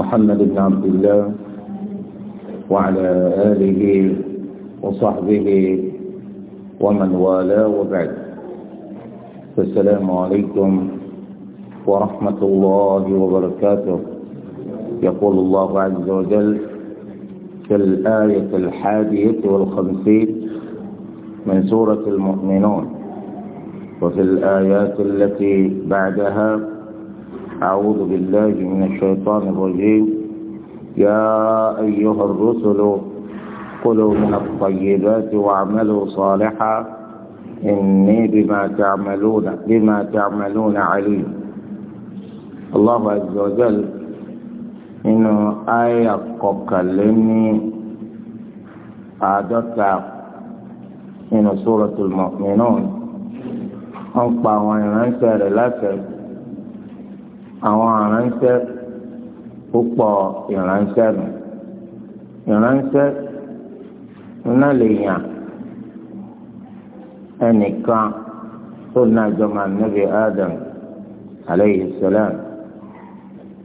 محمد بن عبد الله وعلى آله وصحبه ومن والاه وبعد السلام عليكم ورحمة الله وبركاته يقول الله عز وجل في الآية الحادية والخمسين من سورة المؤمنون وفي الآيات التي بعدها أعوذ بالله من الشيطان الرجيم يا أيها الرسل كلوا من الطيبات واعملوا صالحا إني بما تعملون بما تعملون عليم الله عز وجل إنه آية قكلني أعدتها إنه سورة المؤمنون أنقى وإن أنسى àwọn ìránṣẹ́ púpọ̀ ìránṣẹ́ nù ẹnìkan tó ní àjọmọ Adam aleyhi salam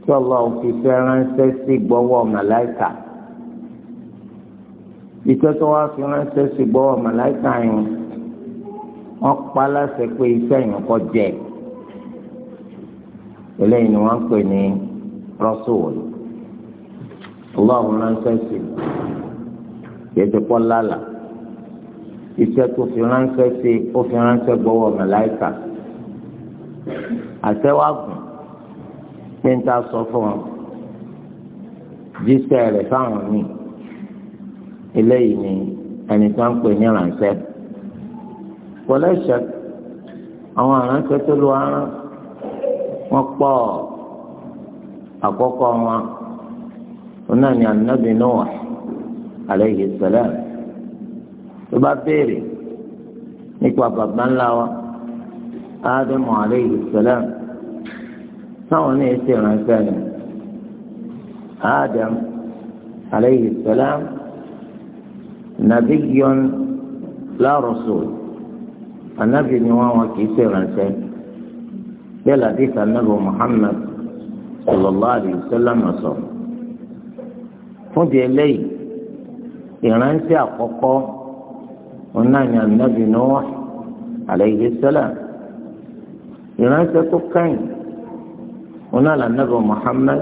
tí Ọlọ́run fi fẹ́ sí gbọ́wọ́ màláìkà iṣẹ́ tó wá fi sí gbọ́wọ́ màláìkà wọ́n pa eléyìí ni wọ́n ń pè ní rasul ọlọ́run ránṣẹ́ sí yẹtùpọ̀ lálà iṣẹ́ tó fi ránṣẹ́ sí ó fi ránṣẹ́ gbọ́wọ́ mẹ́láìkà àtẹ́wàgùn pé ń ta sọ fún wọn jíṣẹ́ rẹ̀ fáwọn míì eléyìí ni ẹni tó ń pè ní ránṣẹ́ kò àwọn aránṣẹ́ tó lu aránṣẹ́. wọ́n pọ̀ àkọ́kọ́ wọn wọn náà ní anabi Nuh alayhi salam tó bá béèrè nípa bàbá ńlá wa ádámù na salam táwọn náà ṣe ìrànṣẹ́ ni ádámù alayhi salam nabiyyun la anabi ni wọn wọn kì í ṣe ni. bẹ́ẹ̀ láti sànàbọ Muhammad sallallahu alaihi wasallam sọ fún di eléyìí ìránṣẹ́ àkọ́kọ́ onáni anabi Nuh alaihi salam ìránṣẹ́ tó kẹ́yìn onáni anabi Muhammad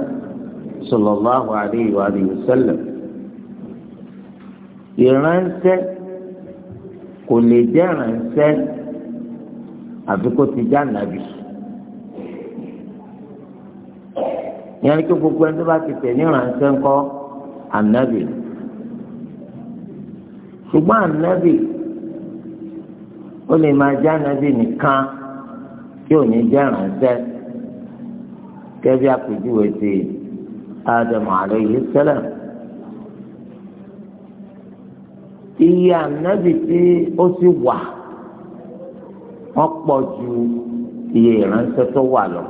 sallallahu alaihi wa alihi wasallam ìránṣẹ́ kò lè jẹ́ ìránṣẹ́ àbí kó ti já nàbì. ìyẹn ni kí gbogbo ẹni tó bá ti tẹ̀ ní ìrànṣẹ́ ńkọ́ ànábì ṣùgbọ́n ànábì ó lè máa jẹ́ ànábì nìkan tí ò ní jẹ́ ìrànṣẹ́ kẹ́bí àpèjúwe ti ádámù aláyhi sálàm. iye ànábì tí ó ti wà wọ́n pọ̀ ju iye ìránṣẹ́ tó wà lọ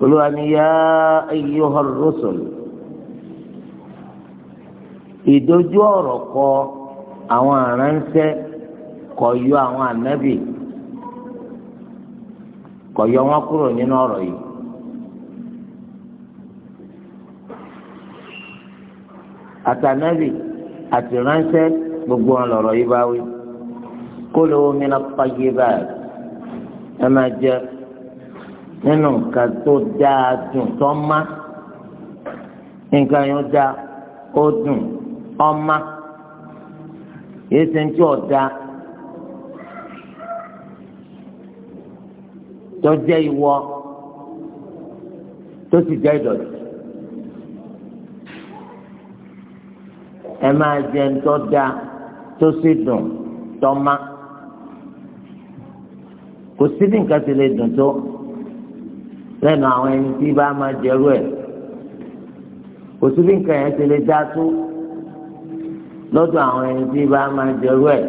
olúwa ni yá ayyuhar rusul ìdojú ọ̀rọ̀ kọ àwọn aránṣẹ́ kò yọ àwọn ànábì kò yọ wọn kúrò nínú ọ̀rọ̀ yìí. àtànábì àti ránṣẹ́ gbogbo wọn lọ̀rọ̀ yìí bá wí kulu min at-tayyibat ẹ máa jẹ. nínú nǹkan tó dáa dùn tó nǹkan yẹn dáa ó dùn ọmá yìí ṣe ń tí ọ̀dà tó jẹ́ ìwọ tó sì jẹ́ ìdọ̀tí. ẹ máa jẹ ń tọ́ da tó sì lẹ́nu àwọn ẹni tí bá máa jẹrú ẹ̀ kò sí bí nǹkan yẹn ti lè dá tó lọ́dọ̀ àwọn ẹni tí bá máa jẹrú ẹ̀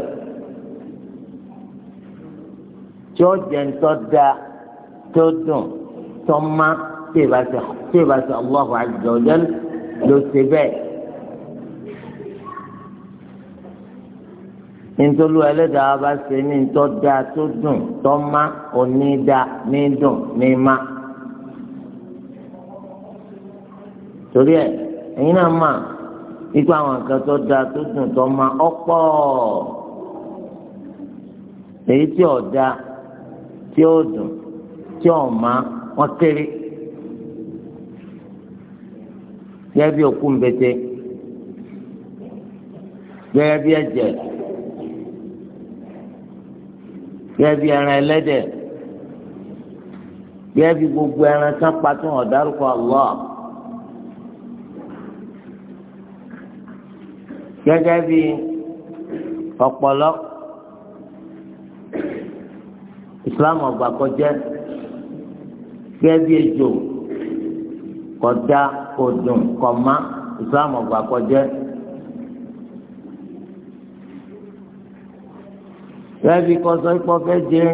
tí ó jẹ ńtọ́ da tó dùn tó má tí ì bá ṣe Allahu azza ló ṣe bẹ́ẹ̀. nítorí ẹlẹ́dàá bá ṣe ní ntọ́ da tó dùn tó má òní da ní dùn ní má. torí ẹ ẹ̀yin náà mà ikú àwọn nǹkan tó da tó dùn tó ma ọ̀pọ̀ èyí tí ò da tí ó dùn tí ò ma wọn kéré gẹ́gẹ́ bí òkú gẹ́gẹ́ bí ẹ̀jẹ̀ gẹ́gẹ́ bí ẹran ẹlẹ́dẹ̀ gẹ́gẹ́ bí gbogbo ẹran sápá tó hàn dárúkọ gẹ́gẹ́ bí ọ̀pọ̀lọ́ islam ọgbà kọjá gẹ́gẹ́ bí ejò kọjá kọdùn kọmá islam ọgbà kọjá gẹ́gẹ́ bí kọsọ ikpọ fẹ́ jẹ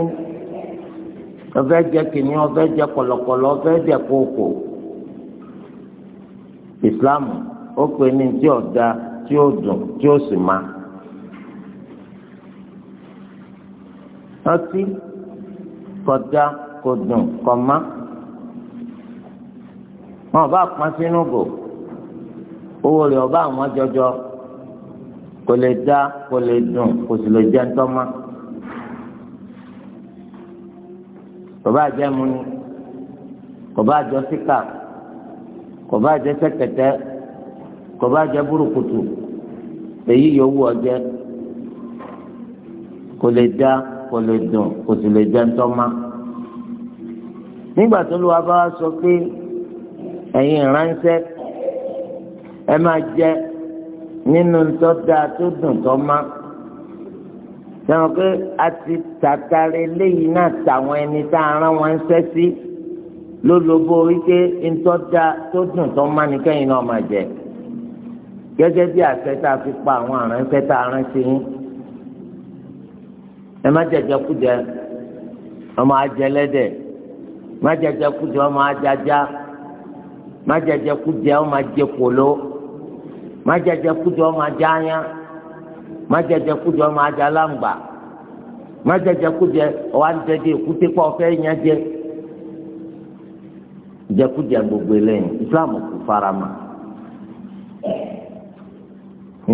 ọfẹ́ jẹ kìnìún ọfẹ́ jẹ kọ̀lọ̀kọ̀lọ̀ ọfẹ́ jẹ kókò islam ó pè ní ti ọ̀dà tí ó dùn tí ó sì máa. ọtí kọjá kò dùn kò má wọn bá pọn sínú gò owó rẹ̀ ọba àwọn jọjọ kò lè dá kò lè dùn kò sì lè jẹ ńtọ́mọ́ bàbá àjẹmú ni kò bá jọ síkà kò bá jẹ sẹkẹtẹ kò bá jẹ́ burúkutu èyí yòówù ọjẹ́ kò lè dá kò lè dùn kò sì lè jẹ́ ntọ́má nígbà tó ló wá bá sọ pé ẹ̀yin ìránṣẹ́ ẹ máa jẹ nínú ntọ́ dáa tó dùn tọ́má sẹ́wọ̀n pé a ti tàtàrà eléyìí náà tàwọn ẹni tá a rán wọn ṣẹ́ sí lólobó wípé ntọ́ dáa tó dùn tọ́má nìkẹ́yìn náà máa jẹ. gẹ́gẹ́ bí àṣẹ tá a fi pa àwọn àránṣẹ́ tá a ránṣẹ́ yín ẹ má jẹjẹ kújẹ ọmọ ajẹlẹ́dẹ̀ má jẹjẹ kújẹ ọmọ ajaja má jẹjẹ kújẹ ọmọ ajẹkòló má jẹjẹ kújẹ ọmọ ajáyá má jẹjẹ kújẹ ọmọ ajálàǹgbà má jẹjẹ kújẹ ọwọ́ èkúté pọ̀ jẹkújẹ gbogbo Islam kò fara mọ́.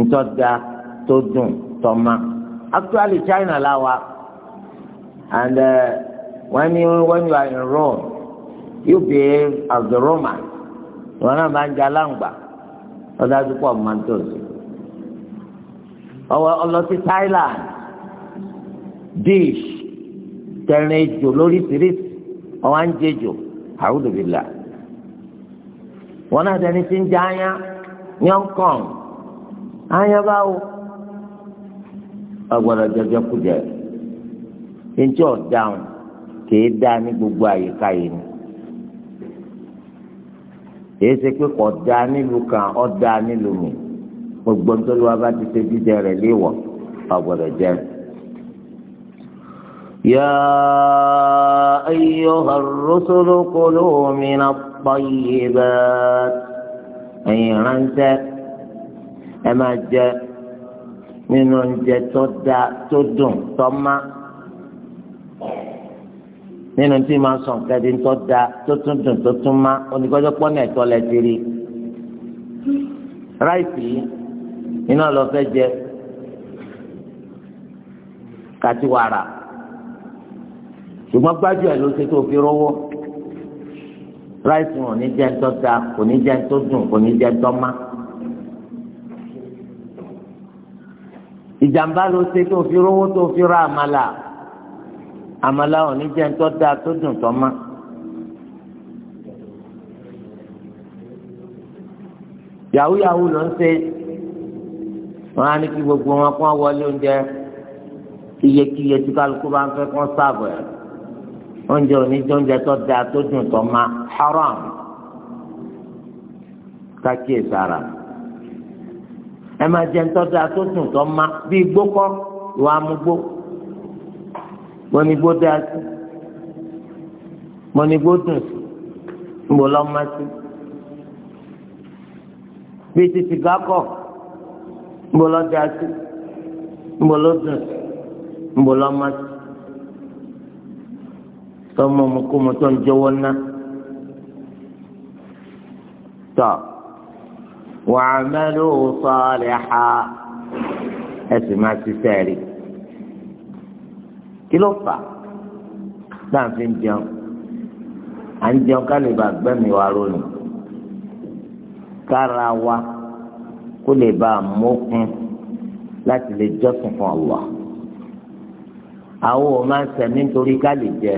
ntọ́ da tó dùn tọ́ actually China la wa and uh, when you when you are in Rome you behave as the Roman wọn náà máa ń jẹ aláǹgbà ọ̀dà dúpọ̀ máa ń tòṣì ọwọ́ ọlọ́sí Thailand dish tẹ̀rín ejò lóríṣiríṣi ọwọ́ à ń jẹjò àwùjọ bìlà wọn náà dẹni tí ń jẹ àyàn ní anya báwo agbada jẹjẹ kújẹ ntí ọ̀daràn dá ní gbogbo àyíká yìí ni kìí nílùú kan ọ dá nílùú mi gbogbo ntọ́lùwà bá ti ṣe jíjẹ rẹ̀ léèwọ̀ agbada jẹ. يا أيها الرسل كلوا من الطيبات ẹ máa jẹ nínú oúnjẹ tó dáa tó dùn tó má nínú tí máa sọ nǹkan di tó dáa tó tún dùn tó tún má onígbọ́jọ́ pọ́nà ẹ̀tọ́ lẹ ti rí ráìsì iná lọ fẹ́ jẹ kàti wàrà ṣùgbọ́n gbájú ẹ̀ ló ṣe tó fi rówó ráìsì wọn ò ní jẹ́ ń tọ́ da kò ní jẹ́ ń tó dùn kò ní jẹ́ ń tọ́ má. ìjàmbá ló ṣe tó fi rówó tó fi ra àmàlà àmàlà òní jẹ́ ńtọ́ dáa tó dùn tọ́ ma. yahoo yahoo ló ń ṣe wọn á ní kí gbogbo wọn kó wọlé oúnjẹ iyekíye tí kálukú bá ń fẹ́ kó sáàbù ẹ̀ oúnjẹ òní jẹ́ oúnjẹ tó dáa tó dùn tọ́ ma haram kákíyèsára ẹ máa jẹ ńtọ́jà tó sùn tó má bí igbó kọ́ ìwà amúgbó mọ́nigbó dá sí mọ́nigbó dùn sí ńbọ lọ́mọ sí bí ti sìgá kọ́ ńbọ lọ́dá sí ńbọ lọ́dùn sí ńbọ lọ́mọ sí tọmọ mu kó mo tó ń jẹ́wọ́ ná tọ́ wa'malu salihan ẹ sì máa ṣiṣẹ́ rí kí ló fà tá à ń fi jẹun à ń jẹun ká lè bá gbẹ́mìí wa ronú kára wa kó lè bá a mókun láti lè jọ́sìn fún Allah àwọn ò máa ń sẹ̀mí nítorí ká lè jẹ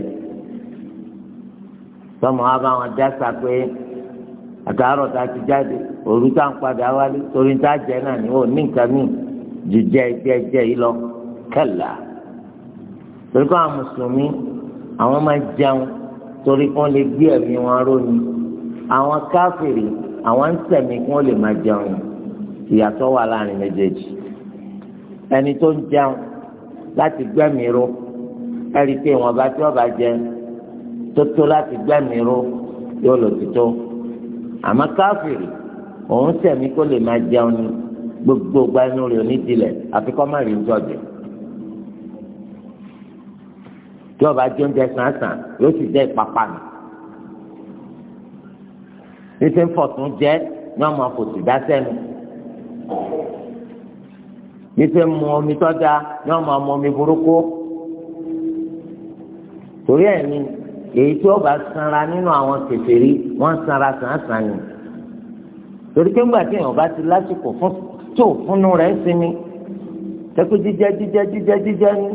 tọmọ wa bá wọn dá sa pé àtàárọ̀ tá a ti jáde òru tá à ń padà wálé torí tá a jẹ náà ni ó ní nǹkan míì ju jẹ jẹ jẹ yìí lọ kẹlà torí kó àwọn mùsùlùmí àwọn máa jẹun torí kó lè gbé ẹ̀mí wọn róni àwọn káfìrí àwọn ń sẹ̀mí kó lè máa jẹun ìyàtọ̀ wà láàrin méjèèjì ẹni tó ń jẹun láti gbẹ́mìí ró ẹ̀rí pé ìwọ̀nba tí wọ́n jẹ tó tó láti gbẹ́mìí ró yóò lò ti àmọ́ káfíìrì òun sẹ̀mí kó lè máa jẹun ní gbogbo gbanú rẹ̀ onídìílẹ̀ àfi kọ́ má rí ń tọ́jú tí ọba jẹ oúnjẹ sàn-sàn yóò sì jẹ ìpapà nù ṣíṣe ń fọ̀tún jẹ ní ọmọ fòtì dá sẹ́nu ń mu omi tọ́já ní ọmọ ọmọ omi burúkú torí ẹ̀ ni èyí tí ọba sanra nínú àwọn kèfèrí wọ́n sanra sàǹsàn ni torí pé ńgbà tí èèyàn bá ti lásìkò fún tí ò fúnnú rẹ̀ ń sinmi tẹ́kù jíjẹ́ jíjẹ́ jíjẹ́ jíjẹ́ ní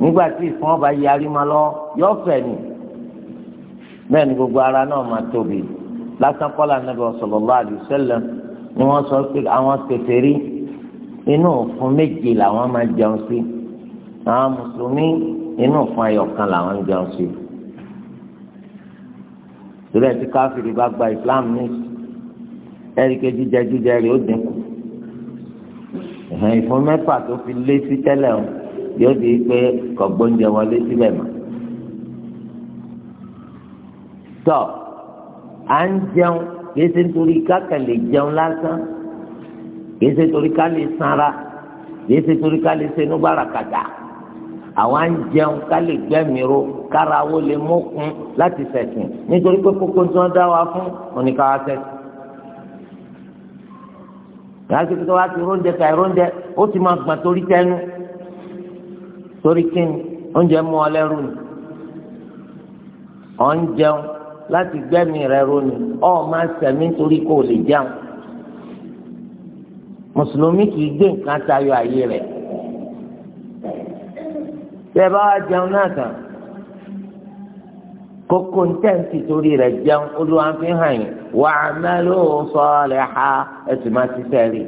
nígbà tí ìfún ọba yarí ma lọ yọ fẹ̀ ni bẹ́ẹ̀ ni gbogbo ara náà máa tóbi lásán kọ́lá nàbẹ sallallahu alaihi wasallam ni wọ́n sọ pé àwọn kèfèrí inú òfun méje làwọn máa jẹun sí àwọn mùsùlùmí inú fún ayọ̀ kan làwọn ń jẹun sí ìrẹ́ tí káfíìrì bá gba Islam ní ẹ̀ríkẹ́ jíjẹ jíjẹ rẹ̀ ó dínkù ìfún mẹ́fà tó fi lé sí tẹ́lẹ̀ o yóò di pé kọ̀gbọ́njẹ wọlé síbẹ̀ mọ́ tọ́ à ń jẹun kìí ṣe nítorí káka lè jẹun lásán kìí ṣe nítorí ká lè sanra kìí ṣe nítorí ká lè ṣe inú bára kàdà àwa ń jẹun ká lè gbẹ́mìí ró kára wo lè mókun láti ṣẹ̀sìn nítorí pé kókó tí wọ́n dá wa fún oníkàwá ṣẹ̀sìn láti fi wá ti róúnjẹ ka róúnjẹ ó ti máa gbọ̀n torí tẹnu torí kíni oúnjẹ mú ọ lẹ́rù ni ọ̀ ń jẹun láti gbẹ́mìí rẹ ro ni ọ̀ máa sẹ̀mí torí kò lè jẹun mùsùlùmí kì í gbé nǹkan tayọ àyè rẹ̀ tẹ́ bá wá jẹun náà tán kókó ntẹ́ǹtì torí rẹ̀ jẹun olúwa fi hàn yín wà á mẹ́lò sọ̀rọ̀ ha ẹ̀sùn máa ti sẹ́rì.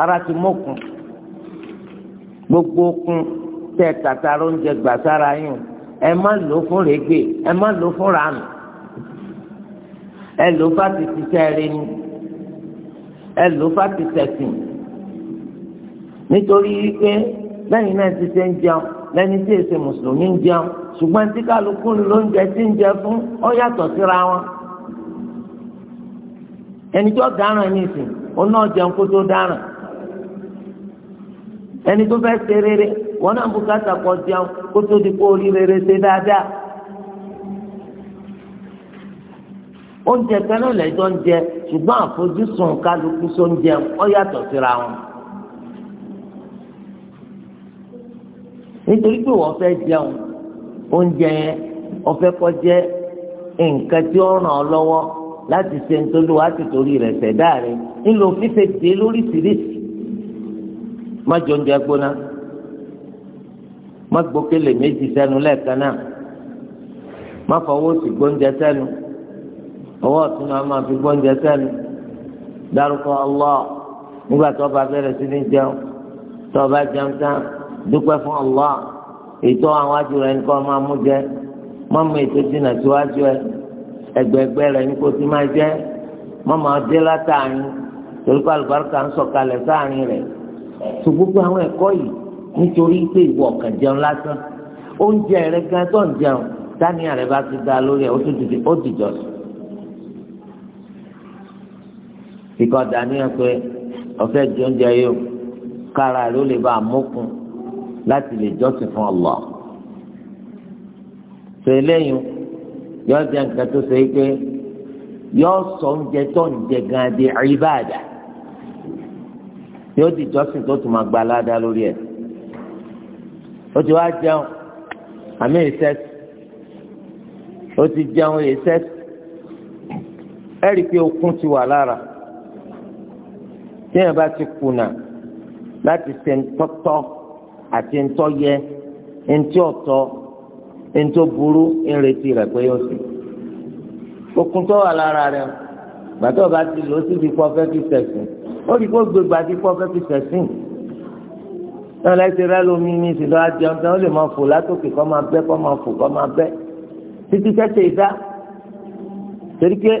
ara ti mọ́kùn gbogbo kun tẹ tàtàrà oúnjẹ gbà sára yín ẹ má lò fún rẹ̀gbẹ̀ ẹ má lò fún ràánù ẹ lò bá ti ni ẹ lò bá ti nítorí wípé. lẹ́yìn náà ti ṣe ń jẹun lẹ́ni tí èsè mùsùlùmí ń jẹun ṣùgbọ́n tí kálukú fún ọ yàtọ̀ síra wọn. ẹni tó dáràn ní ìsìn òun náà jẹun kó tó dáràn. ẹni tó fẹ́ ṣe rere wọn náà bùkátà kọ jẹun kó tó di kó rí rere ṣe dáadáa. oúnjẹ ọ yàtọ̀ síra nítorí pé wọ́n fẹ́ jẹun oúnjẹ yẹn wọ́n fẹ́ kọ́ jẹ́ nǹkan tí ó ràn ọ́ lọ́wọ́ láti ṣe ń tolú wá ti torí rẹ̀ ṣẹ̀dá rẹ̀ ńlò fífe dé lóríṣiríṣi má jọ oúnjẹ gbóná má gbókèlè méjì sẹ́nu lẹ́ẹ̀kan náà má fọwọ́ sí gbóúnjẹ sẹ́nu ọwọ́ ọ̀tún náà má fi gbóúnjẹ sẹ́nu dárúkọ nígbà dúpẹ́ fún Allah ètò àwọn ajú rẹ nìkan máa mú jẹ mọ́mú ètò ìdìnnà síwájú ẹ ẹgbẹ̀gbẹ́ rẹ ní kò tí máa jẹ mọ́mú adé látàrin torípé àlùbáríkà ń sọ̀kalẹ̀ sáàrin rẹ̀ tó gbogbo àwọn ẹ̀kọ́ yìí nítorí pé ìwọ ọ̀kàn jẹun lásán oúnjẹ rẹ gan tó ń jẹun dání àrẹ bá ti dá lórí ẹ ó tún dìde ó dìjọ sí. ìkọ̀ dání pé ọ̀fẹ́ di oúnjẹ yìí kára ló lè bá a mókun láti lè jọ́sìn fún Allah ṣe eléyìí yọ jẹ nǹkan tó ṣe é pé yọ sọ oúnjẹ tó ń jẹ gan di ìbáàdà yóò di jọ́sìn tó tún máa gba aládàá lórí ẹ̀ ó ti wá jẹun àmì ìṣẹ́sì ó ti jẹun ìṣẹ́sì ẹ̀rí pé okun ti wà lára tí èèyàn bá ti kùnà láti ṣe tọ́tọ́ àti ntọ́ yẹ ntí ọ̀tọ̀ ntó burú ńretí rẹ̀ pé yóò sì. okun tó wà lára rẹ̀ gbàtọ́ bá ti lò ó sì fi kọ́ fẹ́ fi sẹ̀sìn ó rí kó gbé gbà fi kọ́ fẹ́ fi sẹ̀sìn. náà lẹ́sẹ̀ rẹ lómi ní ìsìnkú ajẹun tán ó lè máa fò látòkè kọ́ máa bẹ́ kọ́ máa fò kọ́ máa bẹ́ títí sẹ́sẹ̀ ìdá torí pé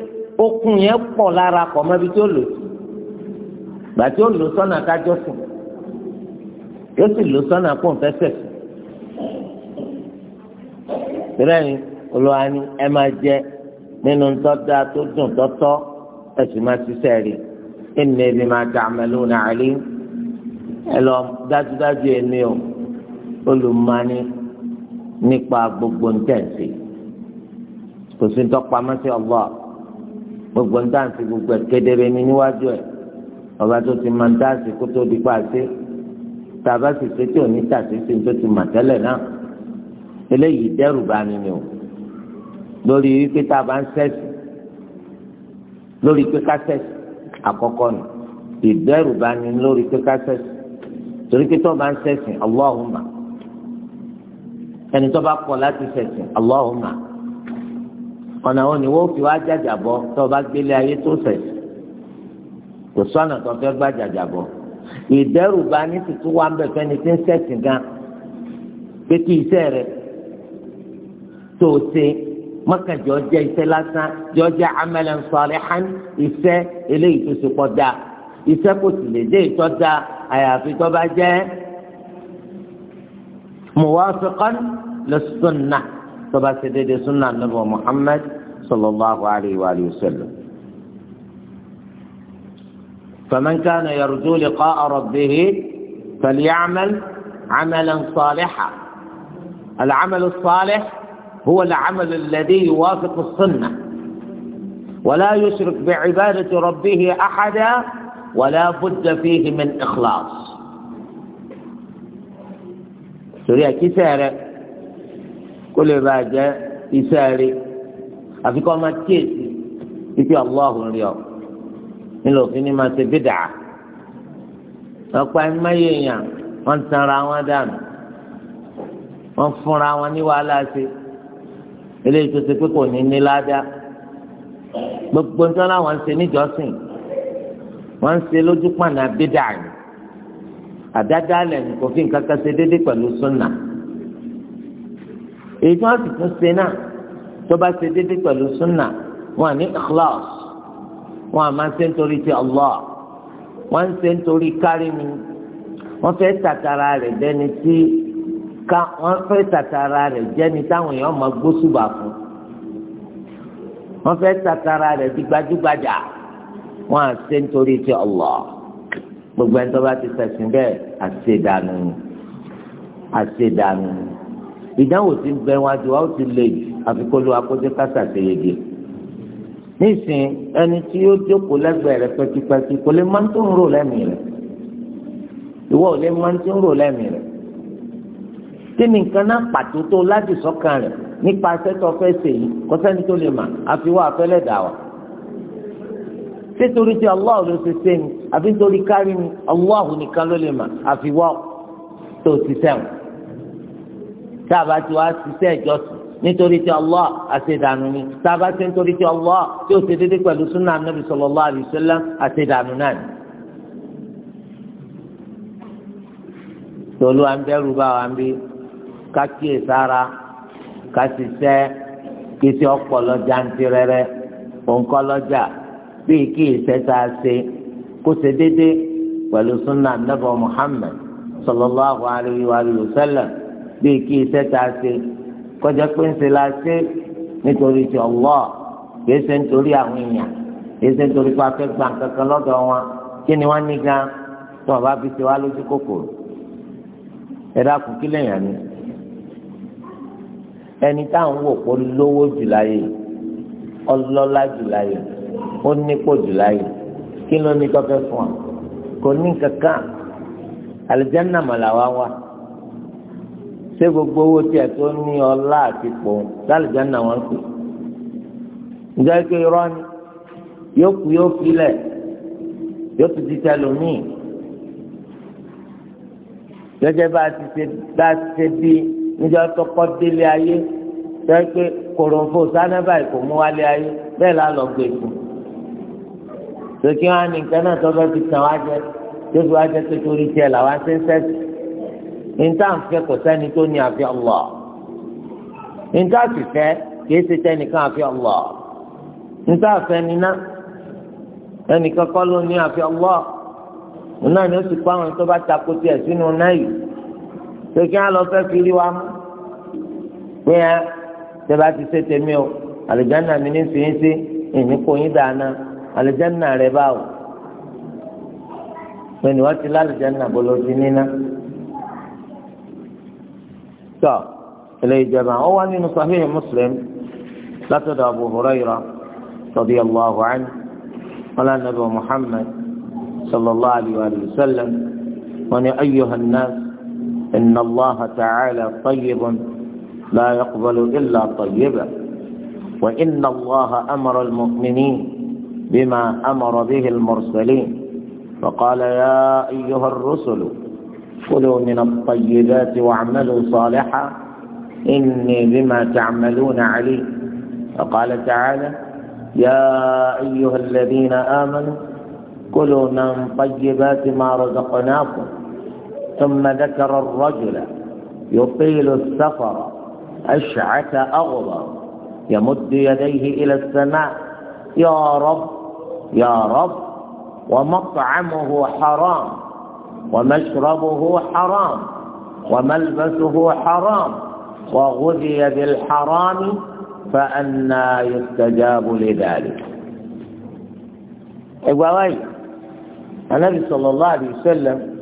okun yẹn pọ̀ lára kọ́ mọ́bi tó lò gbàtí ó lò sọ́nà kájọ́sìn yóò sì lò sọ́nà pọ̀ ń fẹsẹ̀ tẹ́lẹ̀ ni olùwà ni ẹ máa jẹ nínú tọ́da tó dùn tọ́tọ́ ẹ sì máa ṣiṣẹ́ rí ẹnì ẹbí máa dà mẹ́lú nàálí ẹ lọ dájúdájú ẹni o olùmọ̀ni nípa gbogbo ntẹ̀sí kò sí ntọ́pamọ́ sí Allah gbogbo ntẹ̀sí gbogbo ẹ̀ kedere ní níwájú ẹ̀ ọba tó ti máa ń dáàsì kó tó di pa àṣẹ tàbá sì ṣe tí òní tàṣíṣe tó ti mà tẹ́lẹ̀ náà eléyìí dẹ́rù bá ní ni o lórí wípé tá a bá ń sẹ́sì lórí pé ká sẹ́sì àkọ́kọ́ nù ìdẹ́rù bá ní lórí pé sẹ́sì torí pé tó bá ń sẹ́sì Allahumma ẹni tó bá kọ̀ láti sẹ́sì Allahumma ọ̀nà wo ni wọ́n fi wá jàjàbọ́ tó bá gbélé ayé tó sẹ́sì kò sọ́nà tó fẹ́ gbá jàjàbọ́ ìdẹ́rùbà ní tuntun wà ń bẹ̀ fẹ́ni tí ń sẹ̀sìn gan pé kí iṣẹ́ rẹ̀ tó o ṣe mọ́kànjọ́ jẹ́ iṣẹ́ lásán jọ jẹ́ amalan salihan iṣẹ́ eléyìí tó ṣe pọ̀ dáa iṣẹ́ kò sì lè dé ìtọ́ dáa àyàfi tó bá jẹ́ muwafiqan lis-sunnah tó bá ṣe déédéé sunnah Ànábì Muhammad sallallahu alayhi wa sallam. فمن كان يرجو لقاء ربه فليعمل عملا صالحا العمل الصالح هو العمل الذي يوافق السنة ولا يشرك بعبادة ربه أحدا ولا بد فيه من إخلاص سوريا كسارة كل عبادة كسارة أفكر ما كيسي الله اليوم nílò òfin ní máa ṣe bídà ọ̀pọ̀ ẹ̀mẹ́yẹ èèyàn wọ́n tanra wọn dànù wọ́n fúnra wọn ní wàhálà ṣe eléyìí tó ṣe pé kò ní ní ládàá gbogbo nǹkan làwọn ń ṣe níjọ́sìn wọ́n ń ṣe lójú pàǹdà bídà ni àdádálẹ̀ ni kò fi nǹkan kan ṣe déédéé pẹ̀lú súnà èyí tí wọ́n sì tún ṣe náà tó bá ṣe déédéé pẹ̀lú súnà wọn ní ikhlas wọn àmà ṣe nítorí ti Allah wọn ń ṣe nítorí kárí mi wọn fẹ́ tàtàrà rẹ̀ dẹ́ni tí ká wọn fẹ́ tàtàrà rẹ̀ jẹ́ni táwọn èèyàn máa gbósùbà fún wọn fẹ́ tàtàrà rẹ̀ di gbajúgbajà wọn à ṣe nítorí ti Allah gbogbo ẹni tó bá ti sẹ̀sìn bẹ́ẹ̀ àṣedànù àṣedànù ìdánwò tí ń bẹ wájú wa ó ti lè àfikún olúwa kó kásà ṣe yege nísìn ẹni tí ó jókòó lẹ́gbẹ̀ẹ́ rẹ̀ pẹ́kipẹ́ki kò lè máa ń tó ń rò lẹ́mìí rẹ̀ ìwọ ò lè máa ń tó ń rò lẹ́mìí rẹ̀ kí ni nǹkan náà pàtó tó láti sọ́kàn rẹ̀ nípa sẹ́tọ̀ fẹ́ ṣe yìí kò sẹ́ni tó lè mà àfiwọ́ afẹ́lẹ́ dà wá sítorí tí Allah ló ṣe ṣe ni àbí nítorí kárí ni Allah nìkan ló lè mà àfiwọ́ tó ti sẹ́wọ̀n tá a bá ti wá ṣiṣẹ́ ìjọsìn nítorí tí Allah àṣedànù ni sábà ṣe nítorí tí Allah tí ó ṣe déédéé pẹ̀lú sunnah nabi sallallahu alaihi wasallam àṣedànù náà ni. tolu an bẹ̀rù bá wa bí kákíyè sára kásìsẹ́ kìsì ọpọlọ jantirẹrẹ ònkọlọjà bíi kíyèsẹ́ tá ṣe kó ṣe déédéé pẹ̀lú sunnah nabi Muhammad sallallahu alaihi wa sallam bíi kíyèsẹ́ tá ṣe. kọjá pé ń ṣe la ṣe nítorí ti ọwọ́ kìí ṣe nítorí àwọn èèyàn kìí ṣe nítorí pé afẹ́ gbà kankan lọ́dọ̀ wọn kí ni wọ́n ní gan tó ọba fi ṣe wá lójú kòkòrò ẹ dákun kí lèèyàn ni ẹni táwọn wò kó lówó jùláyè ọlọ́lá jùláyè ó nípò jùláyè kí ló ní kọ́fẹ́ fún ọ kò ní kankan àlùjánnà màlàwá wa ṣé gbogbo owó tiẹ̀ tó ní ọlá àti pọ̀ lálùjáná wọn pè ǹjẹ́ pé irọ́ ni yóò kú yóò filẹ̀ yóò tún ti tẹlómìn gẹ́gẹ́ bá a ti ṣe bá a ti ṣe bí níjọ́ tọkọ́ délé ayé jẹ́ pé kòròfò sánábà kò mú wálé ayé bẹ́ẹ̀ la lọ gbé fún tòkí wọn ni nǹkan náà tọ́jọ́ ti tàn wá jẹ tó fi wá jẹ tó torí tiẹ̀ làwọn ṣe ń sẹ́sì. nta ń fẹ́ kò sẹ́ni tó ní àfi Allah níta sì fẹ́ kìí ṣe tẹnìkan àfi Allah níta fẹ́ níná ẹnìkan kọ́ ló ní àfi pa àwọn tó bá takò tiẹ̀ sínú náà yìí pé kí á lọ fẹ́ fi wa pé ẹ tẹ bá ti ṣe tèmi o àlùjáná mi ní ni ti lálùjáná إليه جماعة وأن صحيح مسلم لا تدى أبو هريرة رضي الله عنه ولا النبي محمد صلى الله عليه وآله وسلم وأن أيها الناس إن الله تعالى طيب لا يقبل إلا طيبا وإن الله أمر المؤمنين بما أمر به المرسلين فقال يا أيها الرسل كلوا من الطيبات واعملوا صالحا إني بما تعملون عليم وقال تعالى يا أيها الذين آمنوا كلوا من طيبات ما رزقناكم ثم ذكر الرجل يطيل السفر أشعث اغضى يمد يديه إلى السماء يا رب يا رب ومطعمه حرام ومشربه حرام وملبسه حرام وغذي بالحرام فأنا يستجاب لذلك إبواي النبي صلى الله عليه وسلم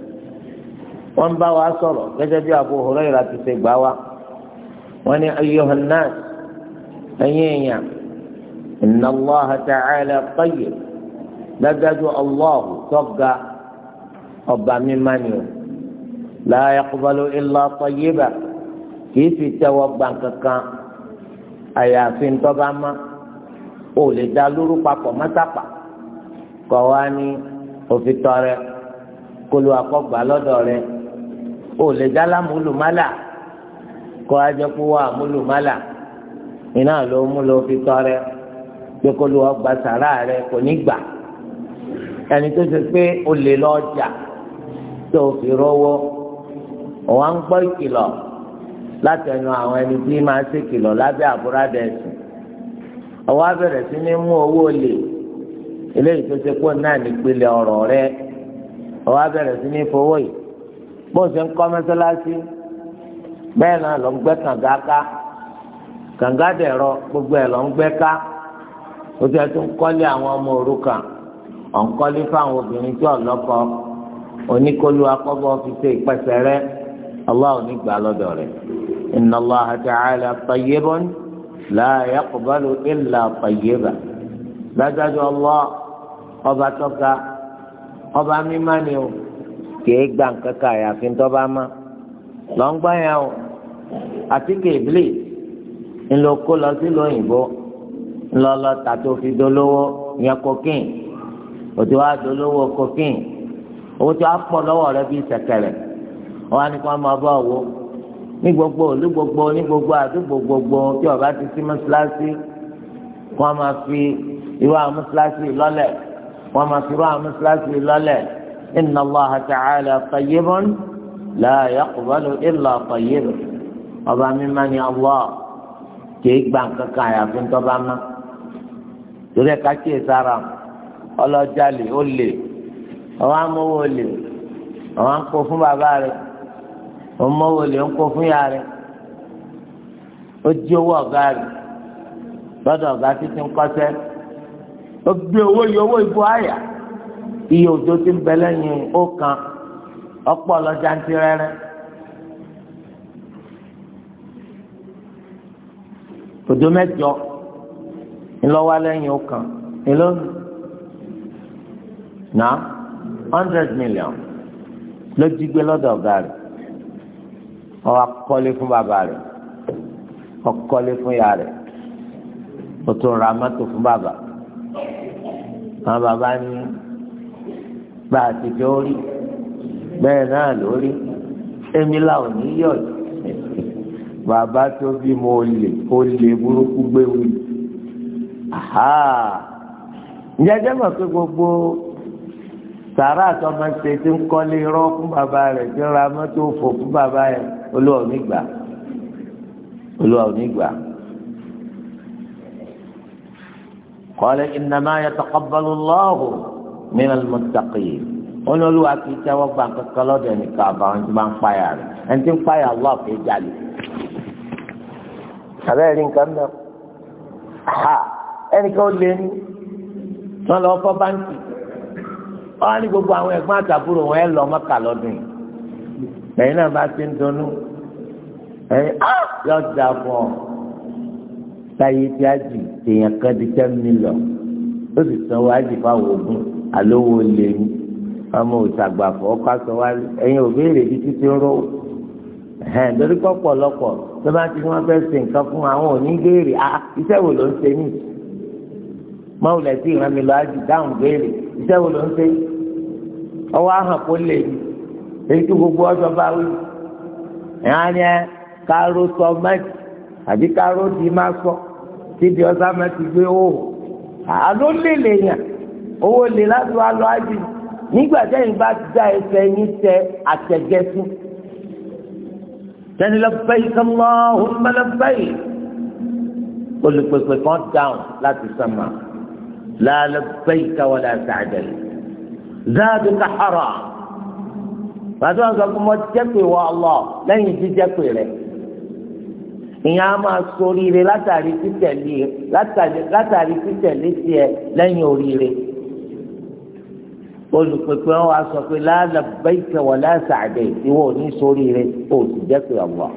وان باوا صلو كتب أبو هريرة تسيبوا وني أيها الناس أيها إن الله تعالى طيب لقد الله تبقى ọba mímá ni o la yaqbalu illa tayyiba kìí fi tẹ́wọ́ gbà kankan àyàfi ntọ́ba má o lè dá lóru papọ̀ mọ́sápà kọ́ wa ní òfin tọrẹ kólú akọ́gbà lọ́dọ̀ rẹ o lè dá lámúlùmálà kọ́ ajẹ́kú wa múlùmálà iná ló mú ló fi tọrẹ pé kólú ọgbà sàrà rẹ kò ní gbà ẹni tó ṣe pé o lè lọ jà. Ja tó o fi ń gbọ́ ìkìlọ̀ láti ẹnu àwọn ẹni tí máa ń ṣèkìlọ̀ lábẹ́ àbúradà ọwọ́ abẹ̀rẹ̀ sí ní mú owó lè eléyìí tó ṣe pé náà nípele ọ̀rọ̀ rẹ ọwọ́ abẹ̀rẹ̀ sí ní fowó yìí bó ṣe ń kọ́ gbogbo ẹ̀ lọ ń gbẹ́ ká o ti ẹ̀ tún kọ́lé àwọn ọmọ òrukàn ọ̀ ń kọ́lé fáwọn obìnrin oníkolu akọ́bọ̀ fífẹ́ ìpèsè rẹ allah ní gbà lọ́dọ̀ rẹ̀ inna allah ta'ala tayyibun la yaqbalu illa tayyiba dájájú allah ọba tọ́ka ọba mimani o kìí gba nǹkan ká àyàfi ń tọ́ba má lọ́ngbà yẹn o àti kèbílì ńlọ kó lọ sílùú òyìnbó ńlọ lọ fi dolówó yẹn kokéè òtí wàá owó tí wàá pọ̀ lọ́wọ́ rẹ bíi sẹ̀kẹ̀rẹ̀ wọn á ní kí máa bá owó ní gbogbo òlú gbogbo ní gbogbo àdúgbò gbogbo tí ọba ti sí mọ́ṣáláṣí máa fi irú àwọn mọ́ṣáláṣí lọ́lẹ̀ kí wọ́n máa fi irú àwọn mọ́ṣáláṣí lọ́lẹ̀ ọba ni ọwọ́ amówó olè ọwọ́ ń kó fún bàbá rẹ̀ ọmọwó olè ń kó fún yàrá rẹ̀ ó di owó ọ̀gá rẹ̀ lọ́dọ̀ ọ̀gá títí ń kọ́sẹ́ ó gbé owó yìí owó ìbò àyà iye òjò ti ń bẹ lẹ́yìn ó kan ọ̀pọ̀ ń ti rẹ́rẹ́. òjò mẹ́jọ ńlọ́wọ́ lẹ́yìn ó kan náà hundred million ló jí gbé lọ́dọ̀ ọ̀gá rẹ̀ wọ́n wá kọ́lé fún bàbá rẹ̀ wọ́n kọ́lé fún ìyá rẹ̀ wọ́n tún ra mọ́tò fún bàbá àwọn bàbá ní bá a ti fi ó rí bẹ́ẹ̀ náà lórí èmi làwọn ní yọ̀ọ̀dù bàbá tó bí mo lè ó lè burúkú gbé wí. ǹjẹ́ mọ̀ pé gbogbo sàrà àtọmọ ṣe ti ń kọ́lé irọ́ fún bàbá rẹ̀ ti ń ra mọ́tò fò fún bàbá rẹ̀ olúwa ò ní gbà olúwa ò ní gbà. qala innama yataqabbalu Allahu minal muttaqin wọn ní olúwa kì í tẹ́wọ́ gbà kankan lọ́dọ̀ ẹnìkan àbáwọn tí máa ń payà rẹ̀ ẹni tí ń payà Allah kì í àbẹ́rẹ́ rí nǹkan mẹ́wọ́ ẹnìkan ó lé ní wọn lọ fọ́ báńkì wọ́n á ní gbogbo àwọn ẹ̀gbọ́n àtàbúrò wọn ẹ̀ lọ mọ́kà lọ́dún yìí lẹ́yìn náà bá ti ń dunnú ẹ̀yìn á yọ ọjà fún ọ táyé tí a jì èèyàn kan di ten million ó sì sanwó ájì fáwọn ogun àlówó lè ní ọmọ òṣàgbàfọ̀ ọkọ aṣọ wa ẹ̀yìn òbéèrè bíi títí ń rówó ẹ̀hẹ́n torí pọ̀pọ̀lọpọ̀ tó bá ti wọ́n fẹ́ ṣe nǹkan fún àwọn òní béèrè a iṣẹ́ wo ló ń ṣe mí mọ́wùlẹ̀ tí ìran mi lọ ájì dáhùn béèrè iṣẹ́ wo ló ń ṣe mí ọwọ́ ahàn kó lè èyí tó gbogbo ọjọ́ bá wí ìhàn ni ẹ káró sọ mẹ́tì àbí káró di má sọ tíbi ọ̀sá mẹ́tì gbé wò àló lè lè yàn owó lè láti wá lọ ájì nígbà tẹ́yìn bá dá ẹsẹ̀ yín tẹ àtẹ̀gẹ́sùn tẹ́ni labbaik Allahumma labbaik olùpèpè kan dáhùn láti sàmà la labbaik wala záàdù kàhárà pàtó àwọn sọkún mọ jẹpè wọ ọlọ lẹ́yìn tí jẹpè rẹ ìyẹn a máa sọ oríire látàrí títẹ̀lé látàrí títẹ̀lé tiẹ̀ lẹ́yìn oríire olùpèpè wọn wá sọ pé lálàbẹ́ ìkẹwọ̀ lásàdé ìwọ ní sóríire ó sì jẹ́ pé ọ̀wọ́.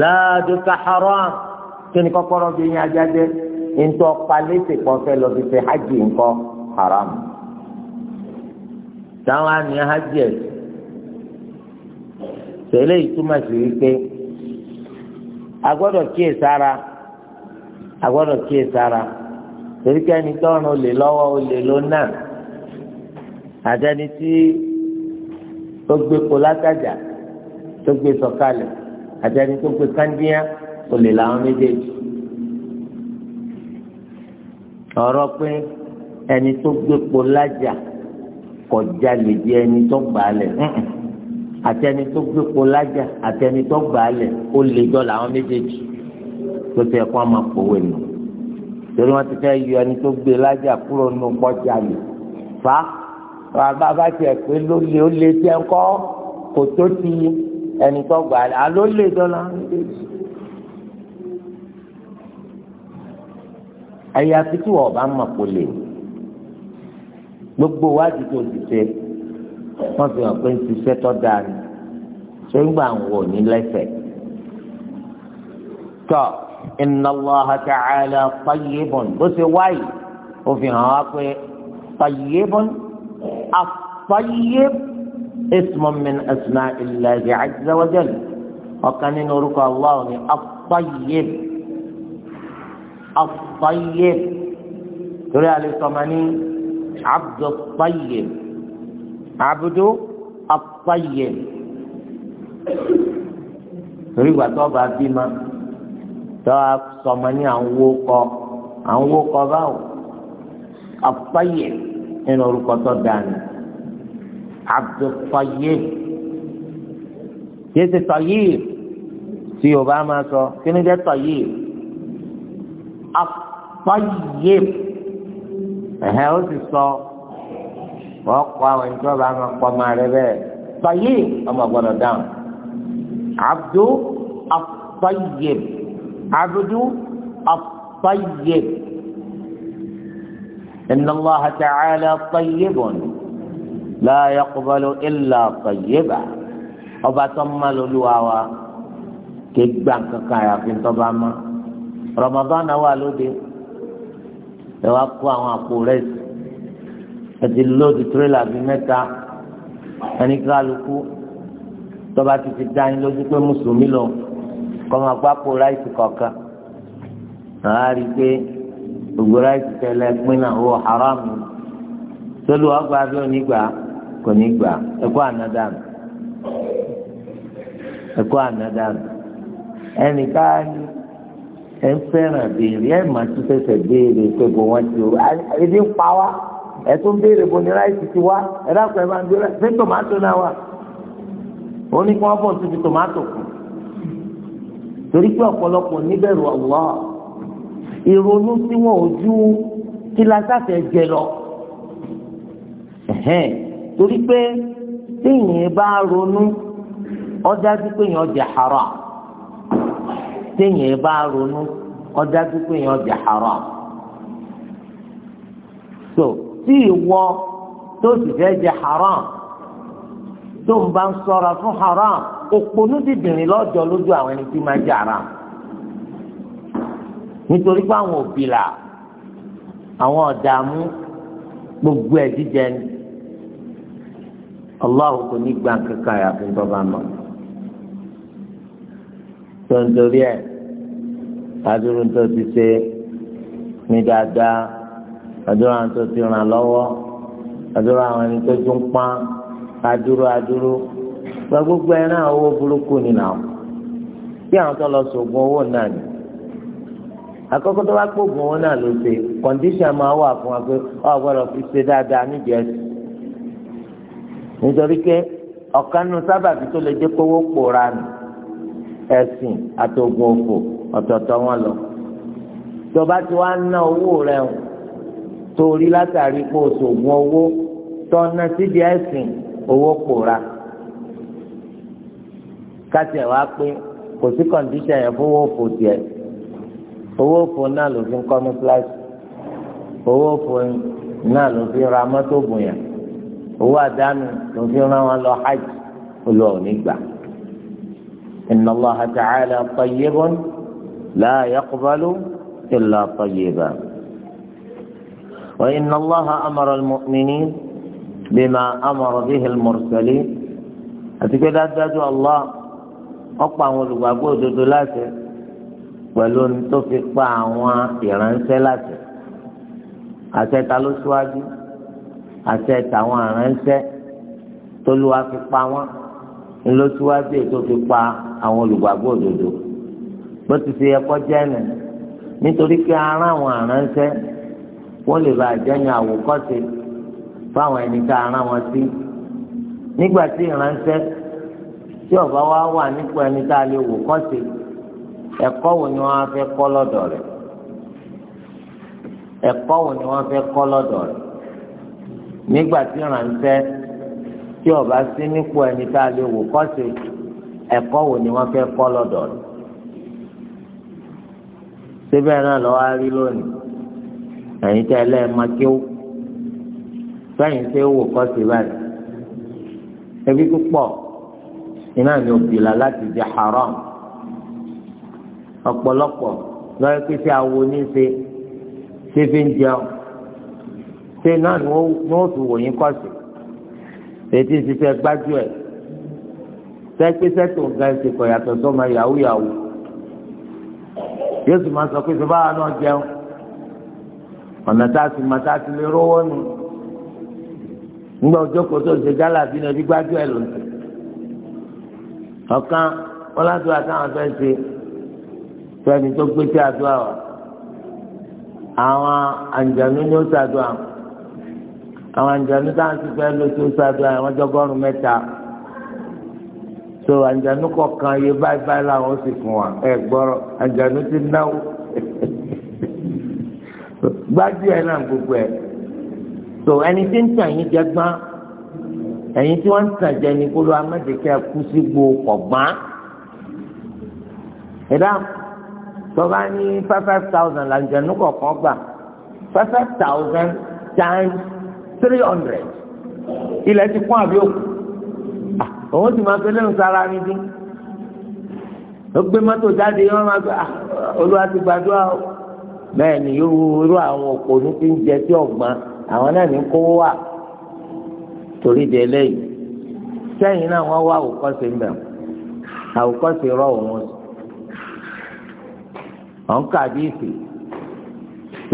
láàdù sàhárà kí ni kọ́kọ́rọ́ bí yín ajá jẹ́ ńtọ́ palẹ́sì kan fẹ́ fi ṣe hajj ńkọ́ haram. táwọn àmì hajj tẹ̀lé ìtumọ̀ sí wípé agbọ́dọ̀ kíyè sára agbọ́dọ̀ kíyè sára torí kí ẹni tọ́run olè lọ́wọ́ olè ló náà àtẹni tí tó gbé kó látàjà tó gbé sọ̀kalẹ̀ àtẹni tó gbé kandíyà olè làwọn méjèèjì ọ̀rọ̀ pé ẹni tó gbé kó lájà. kọjá lè di ẹni tó gbà á lẹ̀ àtẹni tó gbépo lájà àtẹni tó gbà á lẹ̀ ó lè jọ làwọn méjèèjì tó tẹ kó a máa pòwe nù torí wọn ti fẹ́ yọ ẹni tó gbé lájà kúrò nù kọjá lè fa bàbá bá tiẹ̀ pé ló lé ó lé tiẹ̀ kọ́ kò tó ti ẹni tó gbà á lẹ̀ àló lè jọ làwọn méjèèjì. ẹ̀yà tuntun ọba máa pòlè nù gbogbo wádìí tó ti ṣe wọ́n fi hàn pé ń ṣiṣẹ́ tó dáa ni ṣé ń gbà ń wò ní lẹ́sẹ̀. tọ́ inna Allah ta'ala tayyibun bó ṣe wáyé ó fi hàn wá pé tayyibun at-tayyib ismun min asma'illahi azza nínú orúkọ Allah ni at-tayyib torí àlè sọ̀mọ́ ní. عبد الطيب عبد الطيب torí ìgbà tó bá bímọ tó a sọmọ ní àwọn owó kọ àwọn owó kọ báwò àpáyé nínú orúkọ tó dání àbùtọ̀yé yé ti tọ̀yé tí yorùbá máa ẹ̀hẹ́ ó sì sọ wọ́n kọ́ àwọn ẹni tí wọ́n bá máa kọ́ ọmọ rẹ bẹ́ẹ̀ fàyè ọmọ gbọ́dọ̀ dáhùn abdu afayib abdu afayib inna allah ta'ala tayyibun la yaqbalu illa tayyiba ọba tó ń má lóluwa wa kí gbàǹkankan àyàfi tó bá má ramadan wà lóde ẹ wá kó àwọn àpò rẹ̀ sí ẹ ti lóòdù tírélà bíi mẹ́ta ẹni kálukú tọ́ba ti fi dá yín lójú pé mùsùlùmí lọ kọ́ máa pa àpò ráìsì kọ̀ọ̀kan àá rí i pé gbogbo ráìsì tẹ́lẹ̀ pín náà ó haram tolu ọgbà bí onígbà kò ní gbà ẹkọ ànádàmù ẹkọ ànádàmù ẹnìkan ní ẹ ń fẹ́ràn béèrè ẹ máa tún fẹsẹ̀ béèrè pé bò wọ́n ti rú ẹbí ń pa wá ẹ tún béèrè bò ní ráìsì ti wá ẹ dákun ẹ máa ń béèrè ṣé tòmátò náà wà ó ní kí wọ́n bọ̀ síbi tòmátò kù torí pé ọ̀pọ̀lọpọ̀ níbẹ̀rù Allah ìrònú tí wọn ò ju kí lásàfẹ́ jẹ lọ torí pé téèyàn bá ronú ó dájú pé èèyàn jẹ haram. téèyàn bá ronú ọdájú pé jẹ haram so tí ìwọ tó sì fẹ́ jẹ haram tó ń bá ń fún haram òpònú dìbìrín lọ́jọ́ lójú àwọn ẹni tí máa jẹ haram nítorí pé àwọn òbí àwọn ọ̀dààmú gbogbo ẹ̀ jíjẹ ni Allah kò ní gbà kankan àyàfi tó ń torí ẹ̀ tó ti se ní dáadáa adúrú àwọn tó ti ràn lọ́wọ́ adúrú àwọn ẹni tó tún pán adúrú adúrú gba gbogbo náà owó burúkú ni nà ó bí àwọn tó lọ sògùn owó náà ni tó bá owó náà ló ṣe kọ́ndíṣàn máa wà fún wa pé ọ gbọ́dọ̀ fi ṣe dáadáa nídìí nítorí pé sábàbí tó lè kówó nù ẹ̀sìn àtògùn òfò ọ̀tọ̀ọ̀tọ̀ wọn lọ tọba ti ná owó rẹ o torí látàrí pé oṣoògùn owó tọ́nà síbi ẹ̀sìn owó pòórá kátì ẹ̀ wá pé kò sí yẹn fún owó òfò tiẹ̀ owó òfò náà ló fi ń kọ́ owó òfò náà ló fi ra mọ́tò owó àdánù ló fi rán wọn lọ hajj olùwà إن الله تعالى طيب لا يقبل إلا طيبا وإن الله أمر المؤمنين بما أمر به المرسلين أتكد أدد الله أقبعه لقابه ددولاته ولن تفقع وإرانسة لته أتت له سواجه أتت وإرانسة تلوى فقع ńlọsíwájú ètò fi pa àwọn olùgbàgbọ́ òdodo bó ti ṣe ẹkọ jẹ́nu nítorí pé ara àwọn àránṣẹ́ wọ́n lè bá àjẹyìn àwòkọ́ṣe fáwọn ẹni tá ara wọn sí nígbà tí ìránṣẹ́ tí ọba wa wà nípò ẹni tá a lè wò kọ́ṣe ẹ̀kọ́ wo ni wọ́n á fẹ́ kọ́ lọ́dọ̀ rẹ̀ wo ni wọ́n fẹ́ kọ́ lọ́dọ̀ rẹ̀ nígbà tí ìránṣẹ́ tí ọba sí nípò ẹni tá a lè wò kọ́sì ẹ̀kọ́ wo ni wọ́n fẹ́ kọ́ lọ́dọ̀ rẹ̀ síbẹ̀ náà lọ́wọ́ á rí lónìí ẹ̀yin tẹ́ ẹlẹ́ máa kéwú sẹ́yìn tẹ́ wò kọ́sì báyìí ẹbí púpọ̀ iná ni òbílà láti jẹ haram ọ̀pọ̀lọpọ̀ lọ́wọ́ pé tí awo ní ṣe ṣe fi ń jẹun ṣe náà ni wọ́n fi wò yín kọ́sì ètí ìsìnkú gbájú ẹ̀ sẹ́kí sẹ́tò nǹkan ẹ̀sìn kọ̀ yàtọ̀ sọ́mọ yahoo yahoo yóò sì máa sọ pé sọ báwa náà jẹun ọ̀nà tá a sì máa tá a sì lè rówó nu nígbà ọjọ́ kò tó ṣe gálà bí ní ẹbí gbájú ẹ̀ lòdì ọ̀kan wọn láti wá táwọn fẹ́ ṣe fẹ́ni tó gbé sí àdúrà wa àwọn àǹjànú ni ó ṣàdúrà wọn àwọn àǹjẹ̀nú táwọn ti fẹ́ lóṣù sábẹ́ àwọn jọgọ́rùn mẹ́ta so àǹjẹ̀nú kọ̀ọ̀kan yé báyìí báyìí làwọn sì fún wa ẹ gbọ́rọ̀ àǹjẹ̀nú ti náwó gbájú ẹ̀ náà gbogbo ẹ̀ so ẹni tí ń tàn yín jẹ gbọ́n ẹ̀yin tí wọ́n ń tàn jẹ ní kólú amẹ́dẹ̀kẹ́ kú sí gbo ọ̀gbọ́n ẹ̀dá tọ́ba ní five five thousand làǹjẹ̀nú kọ̀ọ̀kan gbà five five thousand times. 300 hundred ilẹ̀ ti kún àbí òkú ah, òun sì máa fi lẹ́nu sára ní dín ó gbé mọ́tò jáde yọ́n máa gbé ah, olúwa ti gbàdúrà o bẹ́ẹ̀ ni jẹ sí ọ̀gbọ́n àwọn náà ní torí di eléyìí sẹ́yìn náà wọ́n wá àwòkọ́sí ń bẹ̀ àwòkọ́sí rọ̀ òun ọ̀nkà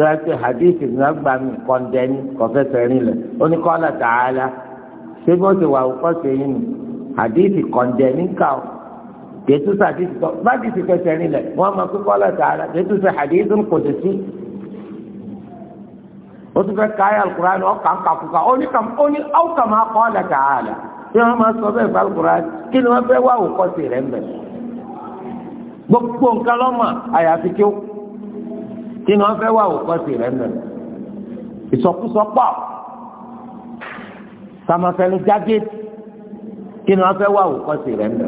tọ́lá pé hadith ní agbá mi kọ́ndẹ́ni kọ́fẹ́sẹ̀ rìn lẹ̀ ó ní kọ́lá tààlà ṣé bó ti wà òkọ́ ṣe yín ni hadith kọ́ndẹ́ni kà ó kẹ́tù sí hadith kọ́ bá ti ti fẹsẹ̀ rìn lẹ̀ wọ́n máa pé kọ́lá tààlà kẹ́tù sí hadith kò sí sí. ó ti fẹ́ káyà alukur'an ọ̀kà ńkàkùkà ó ní ọ̀kà máa kọ́lá tààlà tí wọ́n máa sọ bẹ́ẹ̀ fún alukur'an kí ni wọ́n fẹ́ wá òkọ́ sí rẹ̀ mbẹ̀ gbogbo nǹkan lọ́mọ àyàfi kí ó kí ni wọ́n fẹ́ wà òkọ́ sí rẹ̀ nà ìsọkúsọ pọ̀ sàmàfẹ́nu jáde kí ni wọ́n fẹ́ wà òkọ́ sí rẹ̀ nà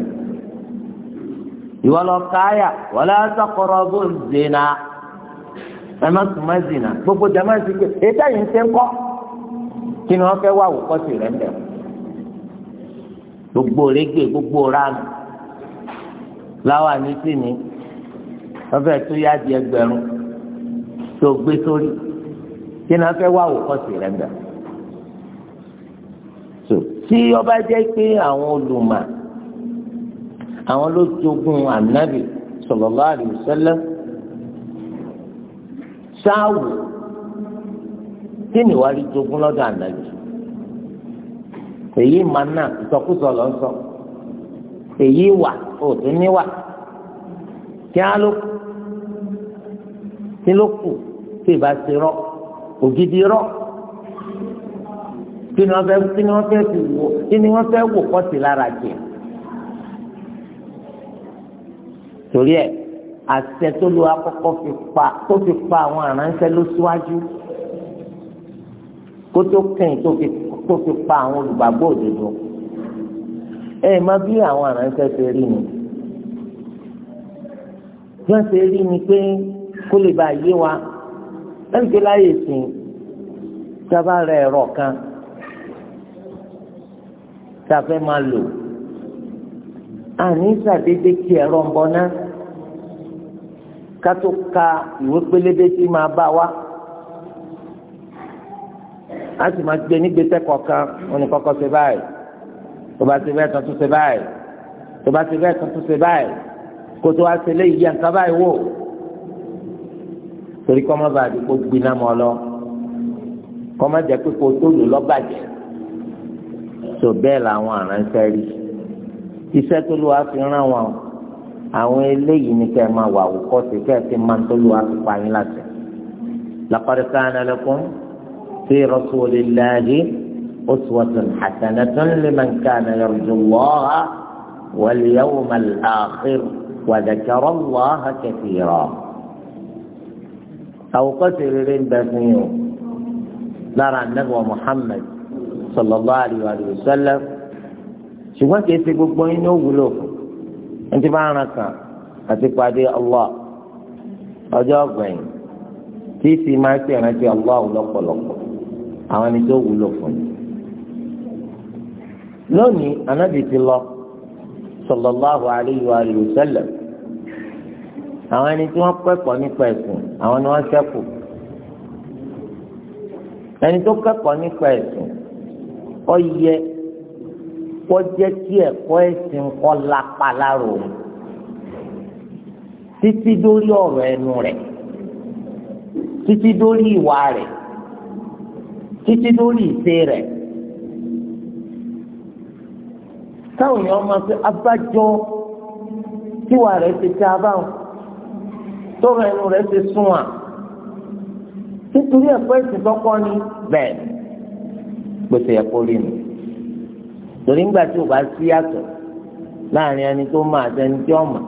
ìwọ lọ káyà wala taqrabu zina ẹ má sùn zina gbogbo jama sí pé èyí táyì ń ṣe ń kọ́ kí ni wọ́n fẹ́ wà òkọ́ sí rẹ̀ nà gbogbo rẹ́gbẹ̀ gbogbo ránù láwa ní sí ni wọ́n fẹ́ tó yá di ẹgbẹ̀rún tó gbé sórí kí náà fẹ́ wá òkọ́sì rẹ̀ gbà. tí ọba jẹ́ pé àwọn olùmọ̀ àwọn ló jogún ànábì sallallahu alaihi wasallam ṣáàwù kí ni wàá rí jogún lọ́dọ̀ ànábì èyí máa nà ìsọkúsọ lọ sọ èyí wà òtún níwà kí á ló kù kí ló kù tí ìbá ti rọ ògidì rọ kí ni wọ́n fẹ́ kí ni wọ́n fẹ́ fi wò kí ni wọ́n fẹ́ wò kọ́sì lára jẹ torí ẹ àṣẹ tó lo akọkọ fi pa tó fi pa àwọn aránṣẹ́ ló síwájú kótó kẹ́yìn tó fi tó fi pa àwọn olùgbàgbọ́ òdodo ẹ má bí àwọn aránṣẹ́ ṣe rí ni bí wọ́n ṣe rí ni pé kó lè bá yé wa ẹnì kí láyè sìn tí a bá ra ẹ̀rọ kan tá a fẹ́ máa lò àní sàdédé kí ẹ̀rọ ń bọ náà ká tó ka ìwé pélébé tí máa bá wa a sì máa gbé nígbésẹ̀ kọ̀ọ̀kan òní kọ́kọ́ ṣe báyìí tó bá ṣe bẹ́ẹ̀ tán tún ṣe báyìí tó bá ṣe bẹ́ẹ̀ tán tún ṣe báyìí kó tó wá ṣe léyìí yẹn ká báyìí wò torí kọ́ má bàa di kó gbiná mọ́ lọ kọ́ má jẹ́ pé kó tó lò lọ́bàjẹ́ tó bẹ́ẹ̀ làwọn aránṣẹ́ rí iṣẹ́ tó lù wá fi rán wọn àwọn eléyìí ni kẹ́ ẹ máa wà wòkọ́ sí kẹ́ ẹ ti máa tó lù wá fi pa yín láti. laqad kana lakum fi rasulillahi uswatun hasanatun liman kana yarju Allaha wal yawmal akhir wa dhakara Allaha kathira àwòkọ́ṣe rere ń bẹ fún yín o lára ànábì wa Muhammad sallallahu alaihi wa sallam ṣùgbọ́n kìí ṣe gbogbo yín ní òwúlò ẹni tí bá ń ran kan àti pàdé Allah ọjọ́ ọ̀gbẹ̀yìn tí sì máa ṣe ìrántí Allah lọ́pọ̀lọpọ̀ àwọn ẹni tó wúlò fún yín. lónìí ànábì ti lọ sallallahu alaihi wa sallam àwọn ẹni tí wọ́n kẹ́kọ̀ọ́ nípa ẹ̀sìn àwọn ni wọ́n ṣẹ́kù ẹni tó kẹ́kọ̀ọ́ nípa ẹ̀sìn ó yẹ kó jẹ́ kí ẹ̀kọ́ ẹ̀sìn kọ́ lápá lára òun títí dórí ọ̀rọ̀ ẹnu rẹ̀ títí dórí ìwà rẹ̀ títí dórí ìṣe rẹ̀ táwọn èèyàn máa fi abájọ tíwà rẹ̀ ti ta abáwọn tọrọ ẹnu rẹ̀ ti sún à nítorí ẹ̀kọ́ ẹ̀sìn tọ́kọ́ ni bẹ́ẹ̀ gbèsè ẹ̀kọ́ rí mi torí ńgbà tí o bá sí yàtọ̀ láàrin ẹni tó máa àtẹni tí ọmọ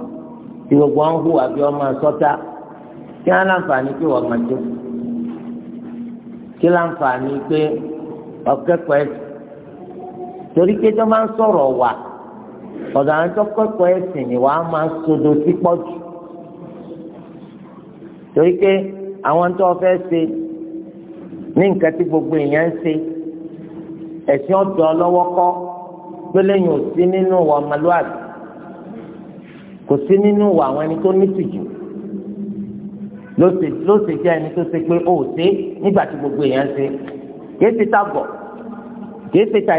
tí gbogbo ọ̀hún hùwà bí ọmọ sọ́tà kí á láǹfààní pé wọ́n máa tó kí láǹfààní pé ọ̀kẹ́kọ̀ọ́ ẹ̀sìn torí pé tó máa ń sọ̀rọ̀ wà ọ̀dọ̀ àwọn tó kẹ́kọ̀ọ́ ẹ̀sìn ni wàá máa sodo sí pọ̀jù torí pé àwọn tó fẹ́ ṣe ní nǹkan tí gbogbo èèyàn ń ṣe ẹ̀sìn ọ̀dọ́ lọ́wọ́ kọ́ gbẹlẹ́yìn ò sí nínú wa ọmọlúwàbí kò sí nínú wa àwọn ẹni tó nítìjú ló ṣe jẹ́ ẹni tó ṣe pé ó ṣe nígbà tí gbogbo èèyàn ṣe kìí ṣe tàgọ̀ kìí ṣe tà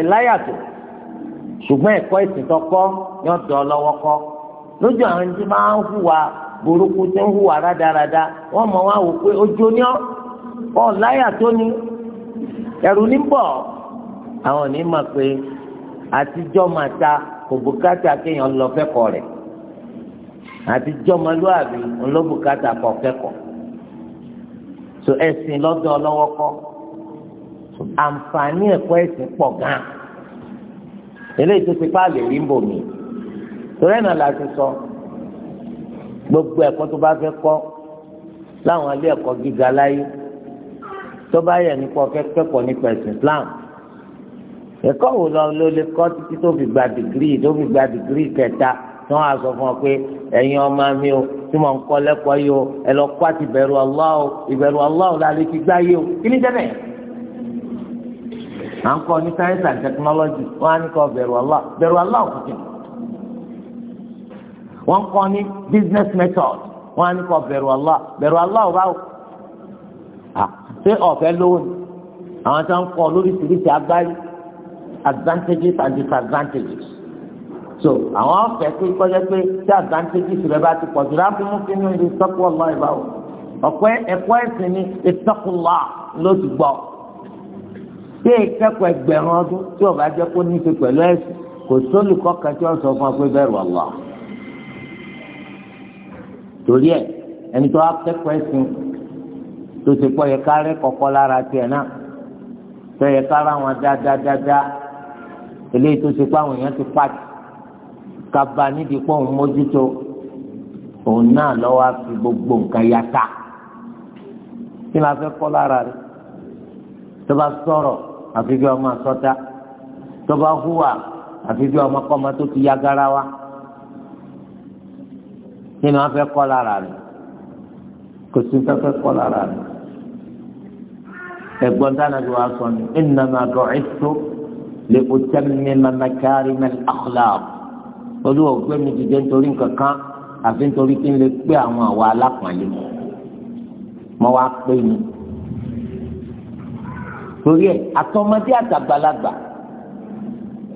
ṣùgbọ́n ẹ̀kọ́ ìsìntọ́kọ́ yọ̀dọ̀ lọ́wọ́ kọ́ lójú àwọn ẹni tí máa ń hùwà burúkú tí ń hùwà rádaràda wọ́n mọ̀ wá wò pé ojú ni ọ́ láyà tó ni ẹ̀rù ní bọ̀ àwọn òní mọ̀ pé àtijọ́ máa ta kò bùkátà kéèyàn lọ fẹ́kọ̀ọ́ rẹ̀ àtijọ́ ọmọlúwàbí ńlọ́bùkátà kọ̀ fẹ́kọ̀ọ́ so ẹ̀sìn lọ́dọ̀ ọlọ́wọ́ kọ́ àǹfààní ẹ̀kọ́ ẹ̀sìn pọ̀ gan eléyìí tó ti pa rí ń bò mí torí ẹ̀ náà la ti sọ. So, gbogbo ẹ̀kọ́ tó bá fẹ́ kọ́ láwọn ilé ẹ̀kọ́ gíga láyé tó bá yẹ nípa kẹ́kọ̀ọ́ nípa ẹ̀sìn Islam ẹ̀kọ́ wo lọ ló lè kọ́ títí tó fi gba dìgírì tó fi gba dìgírì kẹta tí wọ́n á sọ fún ọ pé ẹ̀yin ọmọ mi o tí mo ń kọ́ lẹ́kọ̀ọ́ yìí o ẹ lọ kọ́ àti ìbẹ̀rù Allah o ìbẹ̀rù Allah o lálẹ́ ti gbá yìí o kí ni jẹ́bẹ̀ à ń kọ́ ní science and technology wọ́n á ní kọ́ bẹ̀rù Allah bẹ̀rù Allah òkùnkùn wọ́n kọ́ ní business method wọ́n á ní kọ́ bẹ̀rù Allah bẹ̀rù Allah ò báwò ṣé ọ̀fẹ́ lówó ni àwọn tó ń kọ́ lóríṣiríṣi agbárí advantages and disadvantages so àwọn ọ̀fẹ́ pé kọjá pé tí advantages rẹ bá ti pọ̀ jù láti mú kí ní ìlú sọ́kù Allah ìbáwò ọ̀pẹ́ ẹ̀kọ́ ẹ̀sìn ni ìtọ́kùlá ló ti gbọ́ bí ìkẹ́kọ̀ọ́ ẹgbẹ̀rún ọdún tí ọ̀bá jẹ́ kó ní í ṣe pẹ̀lú ẹ̀sìn kò sólùkọ́ kan tí wọ́n sọ fún ọ pé bẹ́ẹ̀ rọ̀ Allah torí ẹ ẹni tó akẹ́kọ̀ọ́ ẹ̀sìn tó ti pọ̀ yẹ ká rẹ́ kọ̀kọ́ lára tiẹ̀ náà tó yẹ ká ráwọn dáadáa eléyìí tó ti pọ̀ àwọn èèyàn ti pàtì kaba nídìí pọ̀ ń mójútó òun náà lọ́wọ́ á fi gbogbo nǹkan ya ta kí la fẹ́ kọ́ lára rẹ̀ tó bá sọ̀rọ̀ àfi bí ọmọ àsọta tó bá hùwà àfi bí ọmọ kọ́mọ tó ti ya gara wa kí ni wọ́n fẹ́ kọ́ lára rẹ̀ kò sí fẹ́ fẹ́ kọ́ lára rẹ̀ ẹ̀gbọ́n dáná ju wa sọ ni innama bu'ithtu li utammima makarima al-akhlaq olúwa ògbé mi dìde nítorí nǹkan kan àfi nítorí kí n lè pé àwọn àwa alápàlẹ mọ wá pé mi torí ẹ àtọmọdé àtàgbàlagbà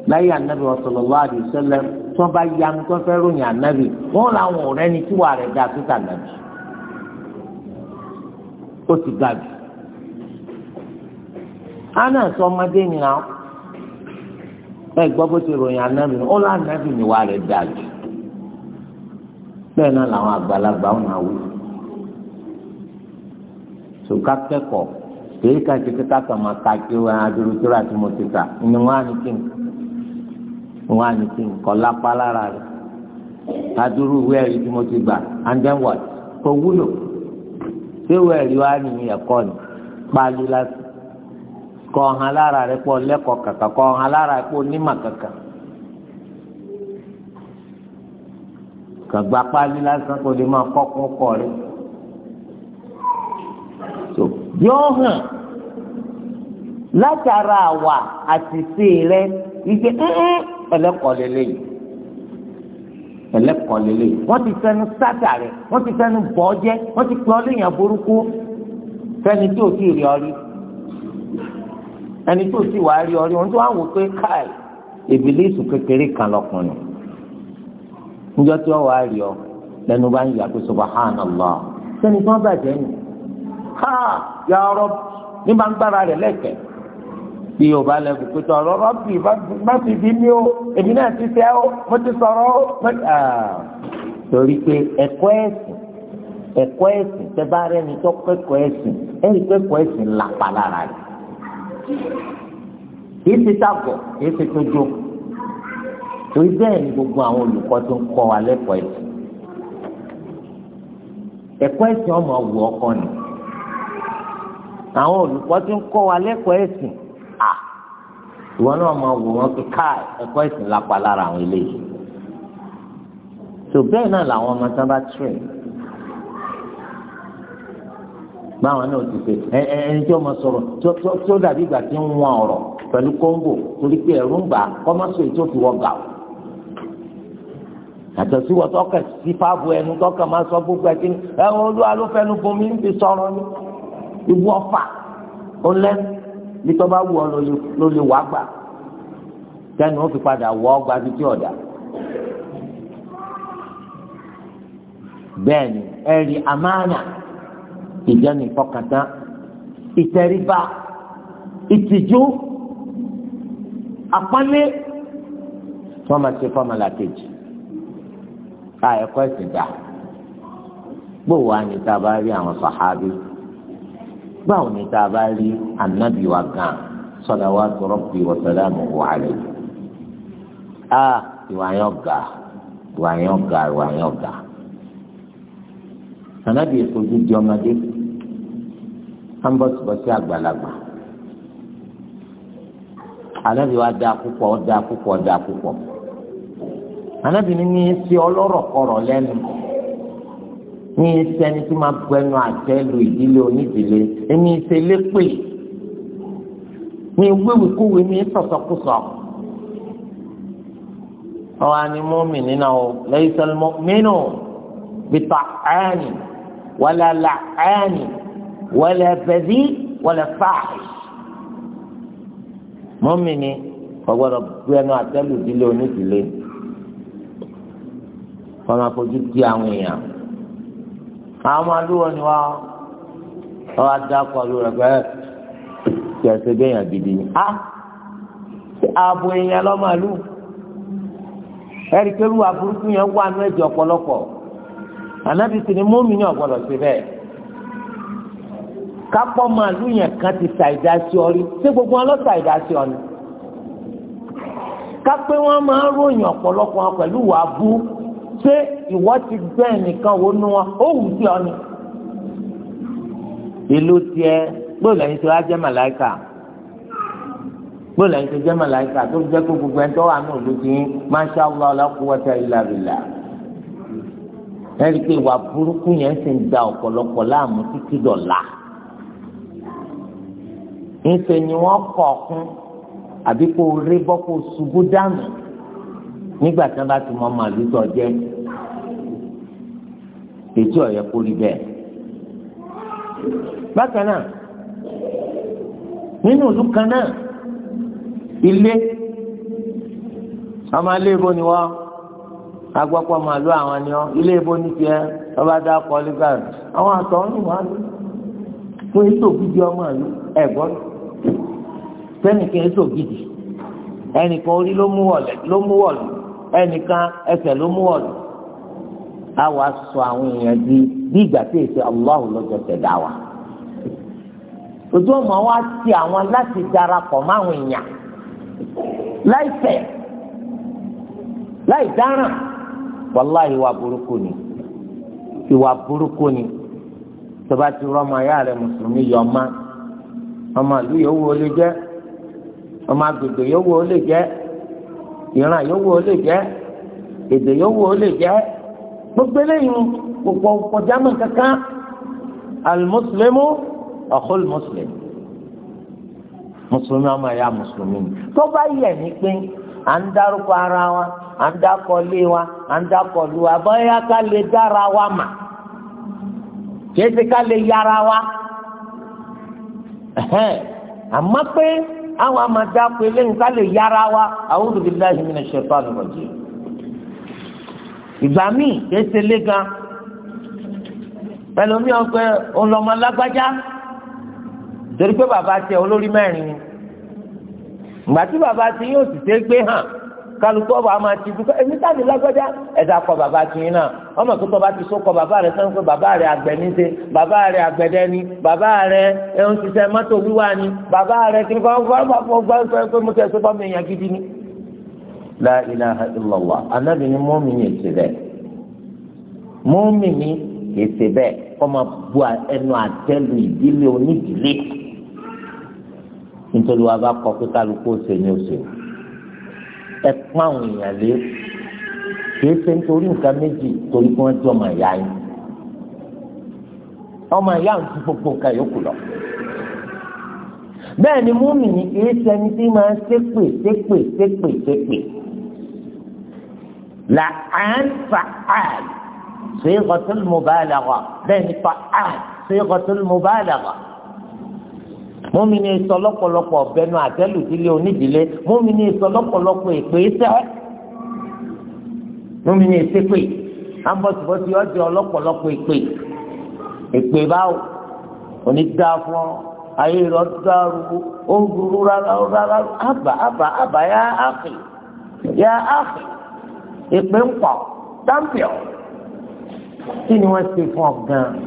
láyé ànábì sallallahu alaihi wasallam tí wọ́n bá yanu tí wọ́n fẹ́ ròyìn ànábì wọ́n làwọn ọ̀rẹ́ ni tí wàá rẹ̀ dá tó tànàbì ó ti ga jù. ana sọ ọmọdé ni àwọn ẹ gbọ́ bó ti ròyìn ànábì ó lọ ànábì ni wàá rẹ̀ dá jù bẹ́ẹ̀ náà làwọn àgbàlagbà ọ̀nà wù sùkà kẹ́kọ̀ọ́ kìí kàtí kíkà kàmá kàkiri adúrú tó rà tí mo ti kà á ní kí n kà wọn á ní kí nǹkan lápá lára rẹ̀ adúrú ìwé ẹ̀rí tí mo ti gbà and then what kò wúlò ṣé ìwé ẹ̀rí wa ní ẹ̀kọ́ ni pálí lásán kọ́ ọ̀hán lára rẹ̀ pọ̀ lẹ́kọ̀ọ́ kàkà kọ́ ọ̀hán lára rẹ̀ pọ̀ nímà kàkà. kàgbá pálí lásán kò lè máa kọ́kọ́ kọ́ rẹ̀. tó yóò hàn látara àwa àtìsí rẹ̀ ike ńǹ ẹlẹ́kọ̀ọ́ lélẹ́yìí ẹlẹ́kọ̀ọ́ lélẹ́yìí wọ́n ti fẹ́nu sátà rẹ̀ wọ́n ti fẹ́nu bọ́ jẹ́ wọ́n ti pẹ́ ọlẹ́yìn burúkú fẹ́ni tí ò sì rí ọ rí ẹni tí ò sì wá rí ọ rí ohun tí wọ́n á wò pé káì ìbílísù kékeré kan lọkùnrin níjọ́ tí wọ́n wá rí ọ lẹ́nu bá ń yà pé subhanallah sẹ́ni tí wọ́n bàjẹ́ nù ha ya Rabb ní bá ń gbára rẹ̀ lẹ́kẹ̀ẹ́ bí yorùbá lẹ́bù pẹ̀tọ́ ọ̀rọ̀ rọ́bì bá fi bí mi o èmi náà ti fẹ́ o mo ti sọ̀rọ̀ o. Ah. torí pé ẹ̀kọ́ ẹ̀sìn ẹ̀kọ́ ẹ̀sìn tẹ bá rẹ ní tó kẹ́kọ̀ọ́ ẹ̀sìn ẹ̀rí kẹ́kọ̀ọ́ ẹ̀sìn làpá lára rẹ̀. kì í ti tàgọ̀ kì í ti tójó torí bẹ́ẹ̀ ni gbogbo àwọn olùkọ́ tó ń kọ́ wa lẹ́kọ̀ọ́ ẹ̀sìn. ẹ̀kọ́ ẹ̀sìn ọmọ wù ọkọ ni àwọn olùkọ́ tó ń kọ́ wa lẹ́kọ̀ọ́ ẹ̀sìn à ìwọ náà máa wò wọn pé káì ẹ̀kọ́ ìsìn lápá lára àwọn eléyìí tó bẹ́ẹ̀ náà làwọn ọmọ tán bá tẹ̀ báwọn náà ti ṣe ẹ ẹ ẹni tí ọmọ sọ̀rọ̀ tí ó dàbí ìgbà tí ń wọn ọ̀rọ̀ pẹ̀lú kóńgò torí pé ẹ̀rú ń gbà kọ́mọ́sọ̀ èyí tó fi wọ́n gà ó yàtọ̀ sí wọ́n tọ́kẹ̀ sí fáàbù ẹnu tọ́kẹ̀ máa sọ gbogbo ẹ̀ kí ni ẹ̀rọ olúwa ló fẹ́nu fún mi ń fi sọ̀rọ̀ ní ìwọ fà ó lẹ́nu bí tó bá wù ọ ló lè wá gbà tẹnu ó fi padà wọ ọgbà títí ọ̀dà bẹ́ẹ̀ ni ẹ̀rí amáàna ìjẹni ìfọkàntán ìtẹríba ìtìjú àpọ́nlé tí wọ́n máa ṣe fọ́mọlà kejì ká ẹ̀kọ́ ẹ̀sìn dá gbòòwò àyìntà bá rí àwọn sàhábì báwo ni tá a bá rí ànábì wa gan salawatu rabbi wa salamuhu alayhi a ìwà yẹn ga ìwà yẹn ga ìwà yẹn ga ànábì ìfojú di ọmọdé ambọ̀sibọ̀sí àgbàlagbà ànábì wa da púpọ̀ da púpọ̀ da púpọ̀ ànábì ní ní sí ọlọ́rọ̀ kọ̀rọ̀ lẹ́nu ní sẹni tí máa gbẹnu àtẹ lu ìdílé onídìílé èmi ṣe lépè mi wíwìkúwì mi sọsọkúsọ ọwọ ni mọmì nínú ọ lẹ́yìn sọlọ mọmìnú bìtà ẹni wàlẹ àlà ẹni wàlẹ bẹbí wàlẹ fáàlì mọmì ni ọgbọdọ gbẹnu àtẹ lu ìdílé onídìílé wọn máa fojú di àwọn èèyàn. àwọn máa lówó ni wá ọ wá eh, gidi ni a ah, ààbò èèyàn lọ́ máa lù àbúrúkú yẹn wà ní ẹ̀jẹ̀ ọ̀pọ̀lọpọ̀ ni mọ́mí ní ọ̀gbọ́dọ̀ sí bẹ́ẹ̀ kápọ̀ Ka yẹn kan ti ṣàìdá sí ọ gbogbo wọn lọ kápẹ́ wọn máa ń ròyìn ọ̀pọ̀lọpọ̀ ṣé ìwọ ti gbẹ nìkan wo nu wọn ó wù sí ọ ni. ìlú tiẹ̀ gbọ́dọ̀ ẹ̀yin tí wàá jẹ́ màláìkà gbọ́dọ̀ ẹ̀yin tí jẹ́ màláìkà tó jẹ́ kó gbogbo ẹni tó wà ní òlu ti yín masha allah la quwwata illa billah. ẹ̀rí pé ìwà burúkú yẹn ti ń da ọ̀pọ̀lọpọ̀ láàmú títí dọ̀la. ńṣe ni wọ́n kọ̀ ọ̀kún àbí kó rí bọ́ kó ṣubú dànù nígbà tí wọn bá ti mọ màálù tó jẹ ètò ọyọ kò rí bẹ́ẹ̀ bákan náà nínú ìlú kan náà ilé ọmọ ilé ibo ni wọn agbọpọ màálù àwọn ni wọn ilé ibo ní tiẹ̀ ọba dá kọlí gbàgbé àwọn àtọ ní wọn lò fún ètò ògidì ọmọ àlù ẹ̀gbọ́n sẹnìkan ètò ògidì ẹnìkan orí ló mú wọlé ló mú wọlé. ẹnìkan ẹsẹ̀ ló mú ọ̀dùn á wá sọ di bí ìgbà tí èsì Allah lọ́jọ́ tẹ̀dá wa ojú ọmọ wa ti àwọn láti darapọ̀ máwọn èèyàn láìṣẹ̀ láì dáràn wàláhì ìwà burúkú ni ìwà burúkú ni tọba ti rọmọ ayá rẹ mùsùlùmí yọ ọma ọmọ ìlú lè jẹ ọmọ ìran yòówù ó lè jẹ́ èdè yòówù ó lè jẹ́ gbogbo eléyìí gbogbo kọjá mọ́ kankan alimuslimu ọ̀kọ́lù mùsùlùmí mùsùlùmí ọmọ ẹ̀yà mùsùlùmí tó bá yẹ ní pé à ń dárúkọ ara wa à ń dákọ lé wa à ń dákọ lu wa bóyá ká lè dára wa mà kí ẹ ti ká lè yára wa àmọ́ pé àwọn àmà dáko eléyìí ká yára wa a'udhu billahi minash shaitanir rajim. ìgbà míì kéésì lé gan pẹ̀lú mi ọ̀pẹ ọlọ́mọ lágbájá torí pé bàbá tiẹ̀ olórí mẹ́rin ni ìgbà tí bàbá tiẹ̀ yóò sì ṣe gbé hàn kálukú ọba àmà ti dúpẹ́ èmi sáàmì lágbájá ẹ̀dá kọ bàbá tìyín náà ọmọ tó tọba ti sókọ bàbá rẹ sẹ́nu pé bàbá rẹ àgbẹ̀ ní ṣe bàbá rẹ àgbẹ̀dẹ ni bàbá rẹ ẹ̀hún ti sẹ́ mọ́tò wíwá ni bàbá rẹ kí nǹkan gbọ́dọ̀ pé mo tẹ̀ sọ́kọ́ mi yàn gidi ni. la ilaha illallah anabi ni mọ́mì ni èsì bẹ́ẹ̀ mọ́mì ni èsì bẹ́ẹ̀ ọmọ bu ẹnu àtẹ́lu ìdílé onídìílé nítorí wa bá kọ pé kálukú òsè ni òsè o ẹ pọ́n àwọn èèyàn lé kìí ṣe nítorí nǹkan méjì torí kí wọ́n jẹ́ ọmọ ìyá yín ọmọ ìyá ń tún gbogbo nǹkan yòókù lọ. bẹ́ẹ̀ ni múmi ní kìí ṣe ẹni tí máa ṣépè ṣépè ṣépè ṣépè la an fa'al sighatul mubalagha bẹ́ẹ̀ ni fa'al sighatul mubalagha mọ́mí ni sọ lọ́pọ̀lọpọ̀ ọ̀bẹ́nu àtẹ́lù sílé onídìílé mọ́mí ni sọ lọ́pọ̀lọpọ̀ èpè sẹ́ mọ́mí ni sépè ambọ̀tìbọ̀tì ọjọ́ ọlọ́pọ̀lọpọ̀ èpè èpè báwo onídà fún ọ ayé rọ dàrú ó ń burú rárá rárá àbà àbà àbà yá àfì yá àfì èpè ń pọ̀ tàmpìọ̀ kí ni wọ́n ṣe fún ọ gan-an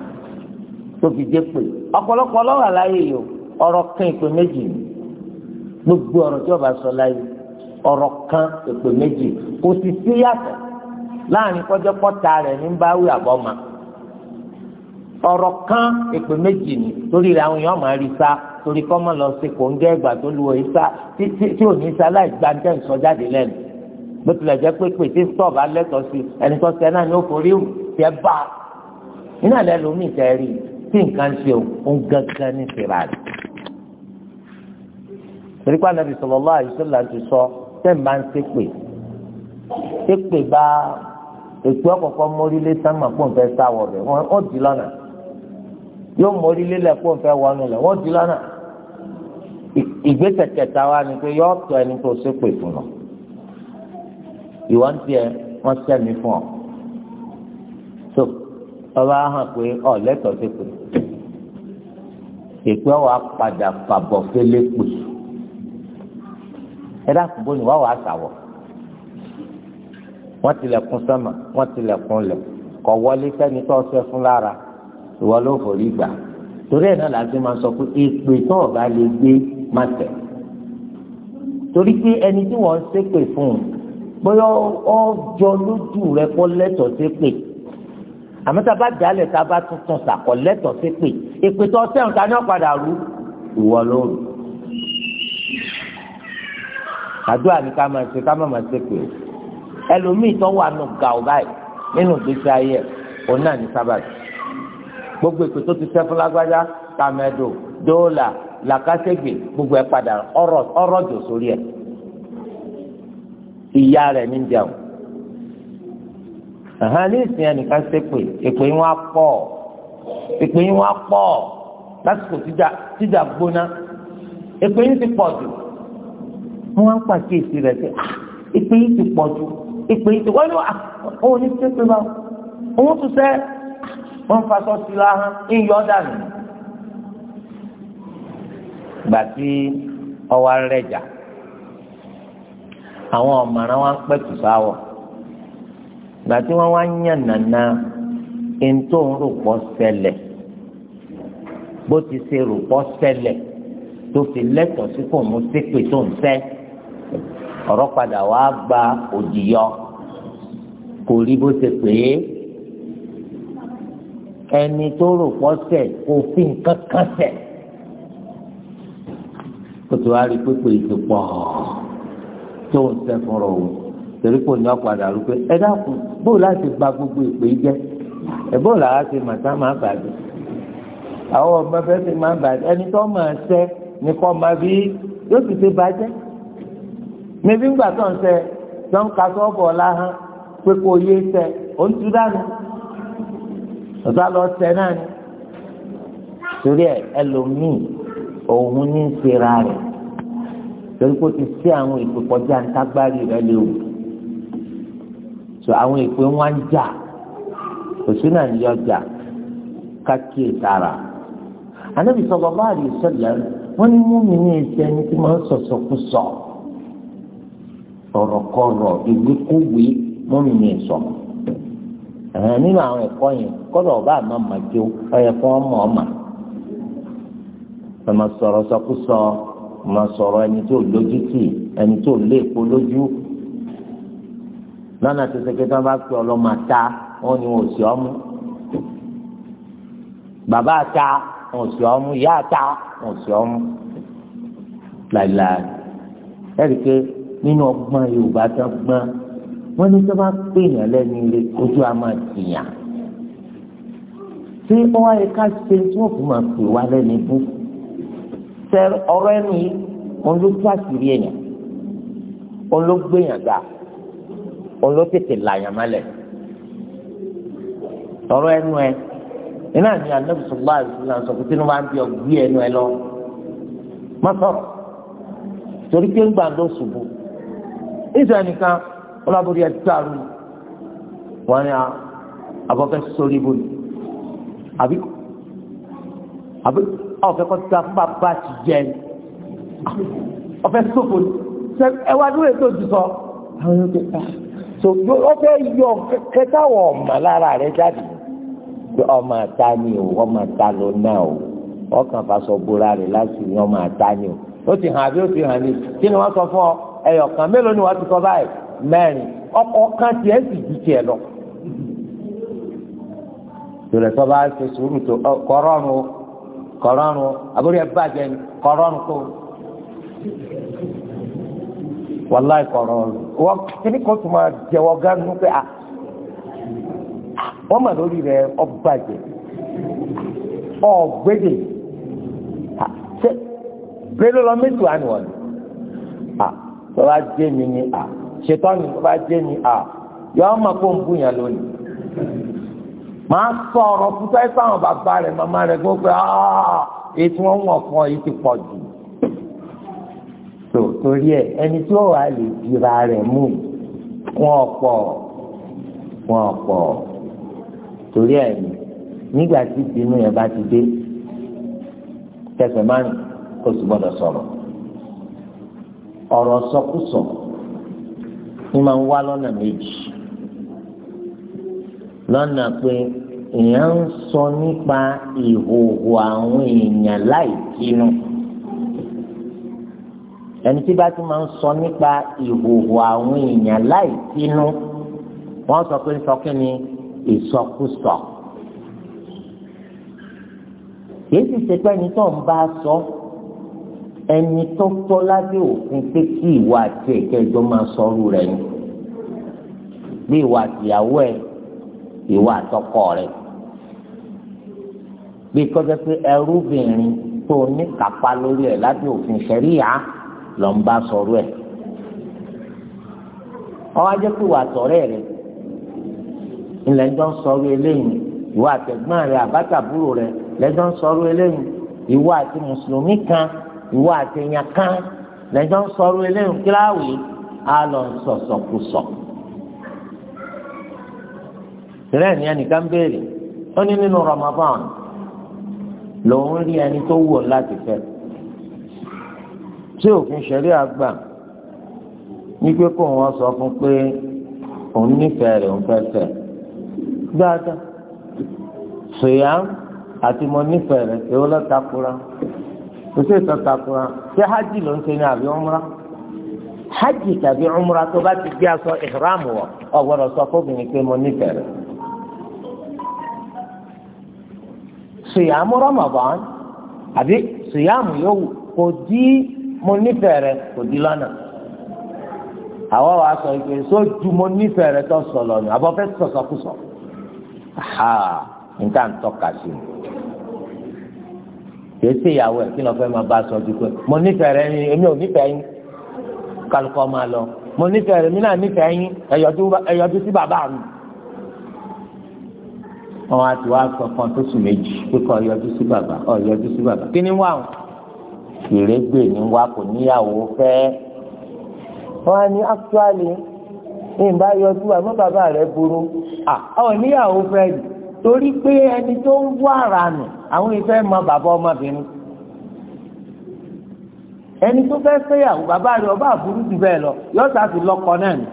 tó fi dé pè ọ̀pọ̀lọpọ̀ ọlọ́wà láyé yìí o ọ̀rọ̀ kan ìpè méjì gbogbo ọ̀rọ̀ tí ọba sọ láyé ọ̀rọ̀ kan ìpè méjì kò sì sí yàtọ̀ láàrin kọjọ pọta rẹ ní báwí àbọmà ọ̀rọ̀ kan ìpè méjì ni torí rẹ àwọn èèyàn máa rí sá torí kọ́ máa lọ sí kòńgẹ́ ìgbà tó lu òye sá tí ò ní sá láì gba jẹ́ ìsọjáde lẹ́nu bó tilẹ̀ jẹ́ pé pèsè stọọbù alẹ́tọ̀ọ́ sí ẹni tó sẹ́ náà ní ó forí tẹ́ bá iná lẹ́nu mi tẹ́ tí nǹkan ṣe òun gangan ní ìsirà rẹ̀ torí pé anabi sallallahu alaihi wasallam ti sọ tẹ́ẹ̀ máa ń ṣépè ṣépè bá ètò ọ̀kọ̀ọ̀kan mórílé sánmà kó n fẹ́ sáwọ̀ rẹ̀ wọ́n di lọ́nà yóò mórílé lẹ̀ kó n fẹ́ wọnú lẹ̀ wọ́n di lọ́nà ìgbésẹ̀ kẹta wa ni pé yóò tọ ẹni tó ṣépè fún lọ ìwọ ń tiẹ̀ wọ́n sẹ́mi fún ọ tó ọba hàn pé ọ lẹ́tọ̀ọ́ ṣépè èpè ọ̀ padà fàbọ̀ fẹ́lẹ́ pè ẹ dákun bó ni wá wàá sàwọ̀ wọ́n tilẹ̀kùn sọ́mà wọ́n tilẹ̀kùn lẹ̀ kọ̀ wọlé sẹ́ni tó ṣe fún lára ìwọ ló forí gbà torí ẹ̀ náà láti máa sọ pé èpè tó ọ̀gá lè gbé má tẹ̀ torí pé ẹni tí wọ́n ṣépè fún un bóyá ọjọ́ lójú rẹ kọ́ lẹ́tọ̀ọ́ ṣépè àmọ́ tá a bá dálẹ̀ tá a bá tuntun ṣàkọ́ lẹ́tọ̀ọ́ ṣépè èpè tó ọ̀sẹ̀ nǹkan ní ọ̀padà rú ìwọ ló rù àdúrà ni ká máa ṣe ká má máa ṣe pé ẹlòmíì tó wà nù gàù báyìí nínú ìgbésí ayé ọ náà ní gbogbo èpè tó ti ṣẹ́ fún lágbájá kàmẹ́dò gbogbo ẹ̀ padà ọrọ ọ̀rọ̀ jò sórí ẹ̀ ìyá rẹ̀ ní jẹun àhán ní ìsìn ẹnìkan yín wá yín wá lásìkò wọ́n wá ń rẹ̀ pé ah, ìpè yìí ti pọ̀ ju ìpè yìí ti wọ́n ní òun ní bá òun tún wọ́n faṣọ sí la hàn ń yọ ọ́ dànù. gbà tí ọwọ́ àwọn ọ̀mọ̀ràn wa gbà tí wọ́n wá ti ṣe tó fi sí kò mú ọ̀rọ̀ padà wá gba òdìyọ kò rí bó ṣe pé ẹni tó rò pọ̀ sẹ̀ kò fi nǹkan kan sẹ̀ kó tó wá rí pípé ìsopọ̀ tó ń sẹ́ fúnra òun torí kò ní ọ̀padà rú pé ẹ dákun bó láti gba gbogbo ìpè jẹ́ ẹ bó làá ṣe màtá máa bàjẹ́ àwọn ọmọ fẹ́ fi máa bàjẹ́ ẹni tó máa sẹ́ ni kò máa bí yóò sì ṣe bàjẹ́. mẹbi ńgbà tó ń sẹ tó ń ka sọ́ọ̀bù ọ̀la hàn pé kò yé sẹ ó ń tu dànù lọ sẹ náà ni torí ẹ ẹlòmíì òun ní rẹ torí kó ti sí àwọn ìpè kọjá ntágbárí rẹ o so àwọn wọn ń jà òsì náà tara Ànábì wọn ní ní ẹsẹ ẹni tí wọn sọsọ kú sọ. So ọ̀rọ̀kọ̀rọ̀ ìwékúwé mọ́mí ni sọ. nínú àwọn ẹ̀kọ́ yẹn kọ́dọ̀ ọba àmọ́ màjọ ọyẹ kọ́ ọmọ ọmọ. ọmọ sọ̀rọ̀ sọkúsọ ọmọ sọ̀rọ̀ ẹni tó lójú tì ẹni tó lé èpo lójú. lọ́nà tó ṣe pé tí wọ́n bá pè ọlọ́mọ ata wọn ni wọn ò sí ọmú. bàbá ata wọn ò sí ọmú ìyá ata wọn ò sí ọmú. láìláì ẹ̀rí pé nínú ọgbọ́n yorùbá tó gbọ́n wọ́n ní tó bá pèèyàn lẹ́nu ilé ojú a máa tìyàn tí ó wáyé ká ṣe tí wọ́n fi máa pè wá lẹ́nu ibú tẹ ọ̀rọ̀ ẹnu yìí òun ló tó àṣírí èèyàn òun ló gbéyàn gbà òun ló tètè làyàn mọ́lẹ̀ ọ̀rọ̀ ẹnu ẹ iná ní anábìsọ̀gbà ìṣúná sọ pé tinubu á ń bí ọ ẹnu ẹ lọ má sọ̀rọ̀ torí pé ń gbà ṣubú níta nìkan wọn lábórí ẹ dàrú wọn ni àbọ̀fẹ́ sórí ibò ni àbí àbí ọ̀fẹ́ kọ́ ta fún bàbá ti jẹ ni ọ̀fẹ́ sófo ni ẹwà dúró ètò ìdìsọ àwọn yóò kẹta ah. so ọ̀fẹ́ yọ kẹta wọ ọmọ lára rẹ jáde pé ọmọ ata ni o ọmọ ata ló náà o ọkàn fasọ bóra rẹ láti ní ọmọ ata ni o ó ti hàn àbí ó ti hàn ní kí ni wọn sọ fún ọ ẹyọkan mélòó ni wàá ti sọ báyìí mẹ́rin ọkọ kan tiẹ̀ sì ju tiẹ̀ lọ. tòlẹ̀ tó bá ṣe sùúrù tó kọ́rọ́nù kọ́rọ́nù àbúrò ẹ̀ bàjẹ́ ni kọ́rọ́nù kò wàláì kọ́rọ́nù wọ́n kíní kan tó máa jẹ́wọ́ gánú pé à wọ́n mà lórí rẹ̀ ọ bàjẹ́ ọ gbẹ́dẹ̀ ṣe bẹ́ẹ̀ lọ mẹ́tò àníwọ̀n ni tó bá jẹ́ mi ni à ṣètọ́nù tó bá jẹ́ mi à yọ ọmọ kó ń bù yàn lónìí màá sọ ọ̀rọ̀ fúnfẹ́ sáwọn bàbá rẹ̀ màmá rẹ̀ kó pé ètò wọn wọ̀ fún ọ yìí ti pọ̀ jù tó torí ẹ ẹni tí ó wà lè dira rẹ̀ mú wọn pọ̀ wọn pọ̀ torí ẹ nígbà tí ìbínú yẹn bá ti dé tẹsán máa kó sì gbọ́dọ̀ sọ̀rọ̀ ọ̀rọ̀ sọkúsọ ní máa ń wá lọ́nà méjì lọ́nà pé èèyàn ń sọ nípa ìhòòhò àwọn èèyàn láì kínú ẹni tí bá ti máa ń sọ nípa ìhòòhò àwọn èèyàn láì kínú wọ́n sọ pé ń sọ kí ni ìsọkúsọ kìí sì ṣe pé ẹni tó ń bá sọ. So ẹni tó tọ́ lábẹ́ òfin pé kí ìwà àti ẹ̀kẹ́jọ máa sọ̀rọ̀ rẹ̀ ni bí ìwà àtìyàwó ẹ̀ ìwà àtọkọ rẹ̀ bí kọjá pé ẹrúbìnrin tó ní kápá lórí ẹ̀ lábẹ́ òfin ṣẹ̀ríyà ló ń bá sọ̀rọ̀ ẹ̀ ọwọ́ ajẹ́ pé ìwà àtọ̀rẹ́ rẹ̀ ilẹ̀ ń jọ ń sọ̀rọ̀ eléyìí ìwà àtẹ̀gbọ́n rẹ̀ àbátàbúrò rẹ̀ lẹ́jọ́ ń sọ̀rọ̀ eléyìí ìwà àti mùsùlùmí kan ìwọ àti èèyàn kan lẹ́jọ́ ń sọ̀rọ̀ eléyìí kíláàwì á lọ sọ̀sọ̀kùsọ̀. ìrẹ́ ni ẹnìkan béèrè ó ní nínú Ramadan lòun rí ẹni tó wù ọ́ láti fẹ́ tí òfin ṣẹ̀rí àgbà ní pé kó wọn sọ fún pé òun nífẹ̀ẹ́ rẹ̀ òun fẹ́ fẹ́ dáadáa ṣèyá àti mo nífẹ̀ẹ́ rẹ̀ èwo lọ́ta kura kò sí ìtọ́ta kura ṣé hajj ló ń ṣe ní àbí umra hajj tàbí umra tó bá ti gbé aṣọ ìhram wọ̀ ọ gbọ́dọ̀ sọ fóbìnrin pé mo nífẹ̀ẹ́ rẹ̀. sùyàmù Ramadan àbí sùyàmù yòówù kò dí mo nífẹ̀ẹ́ rẹ̀ kò dí lọ́nà àwọn wa sọ ìpè sójú mo nífẹ̀ẹ́ rẹ̀ tó sọ lọ́nà àbọ̀ fẹ́ sọ̀sọ̀kùsọ̀ ha nǹkan tọ́ka sí i kìí ṣe ìyàwó ẹ̀ kí lọ́ọ́ fẹ́ máa bá a sọ ju pé mo nífẹ̀ẹ́ rẹ yín èmi ò nífẹ̀ẹ́ yín kálukọ́ máa lọ mo nífẹ̀ẹ́ rẹ mi náà nífẹ̀ẹ́ yín ẹ̀yọ́dún sí bàbá mi. wọn á ti wá sọ kan tó sùn méjì pé kọ́ ọ̀yọ́dún sí bàbá ọ̀yọ́dún sí bàbá kí ni wà ń ni wà kò níyàwó fẹ́. wọn á ní actually ní ìbá yọjú àmọ́ bàbá rẹ burú à ọ̀ níyàwó fẹ́ yìí torí pé ẹni tó ń wá ara nù àwọn ìfẹ́ mọ bàbá ọmọbìnrin ẹni tó fẹ́ fẹ́yàwó bàbá rẹ̀ ọba àbúrú jù bẹ́ẹ̀ lọ yóò sáfi lọ́kọ náà nì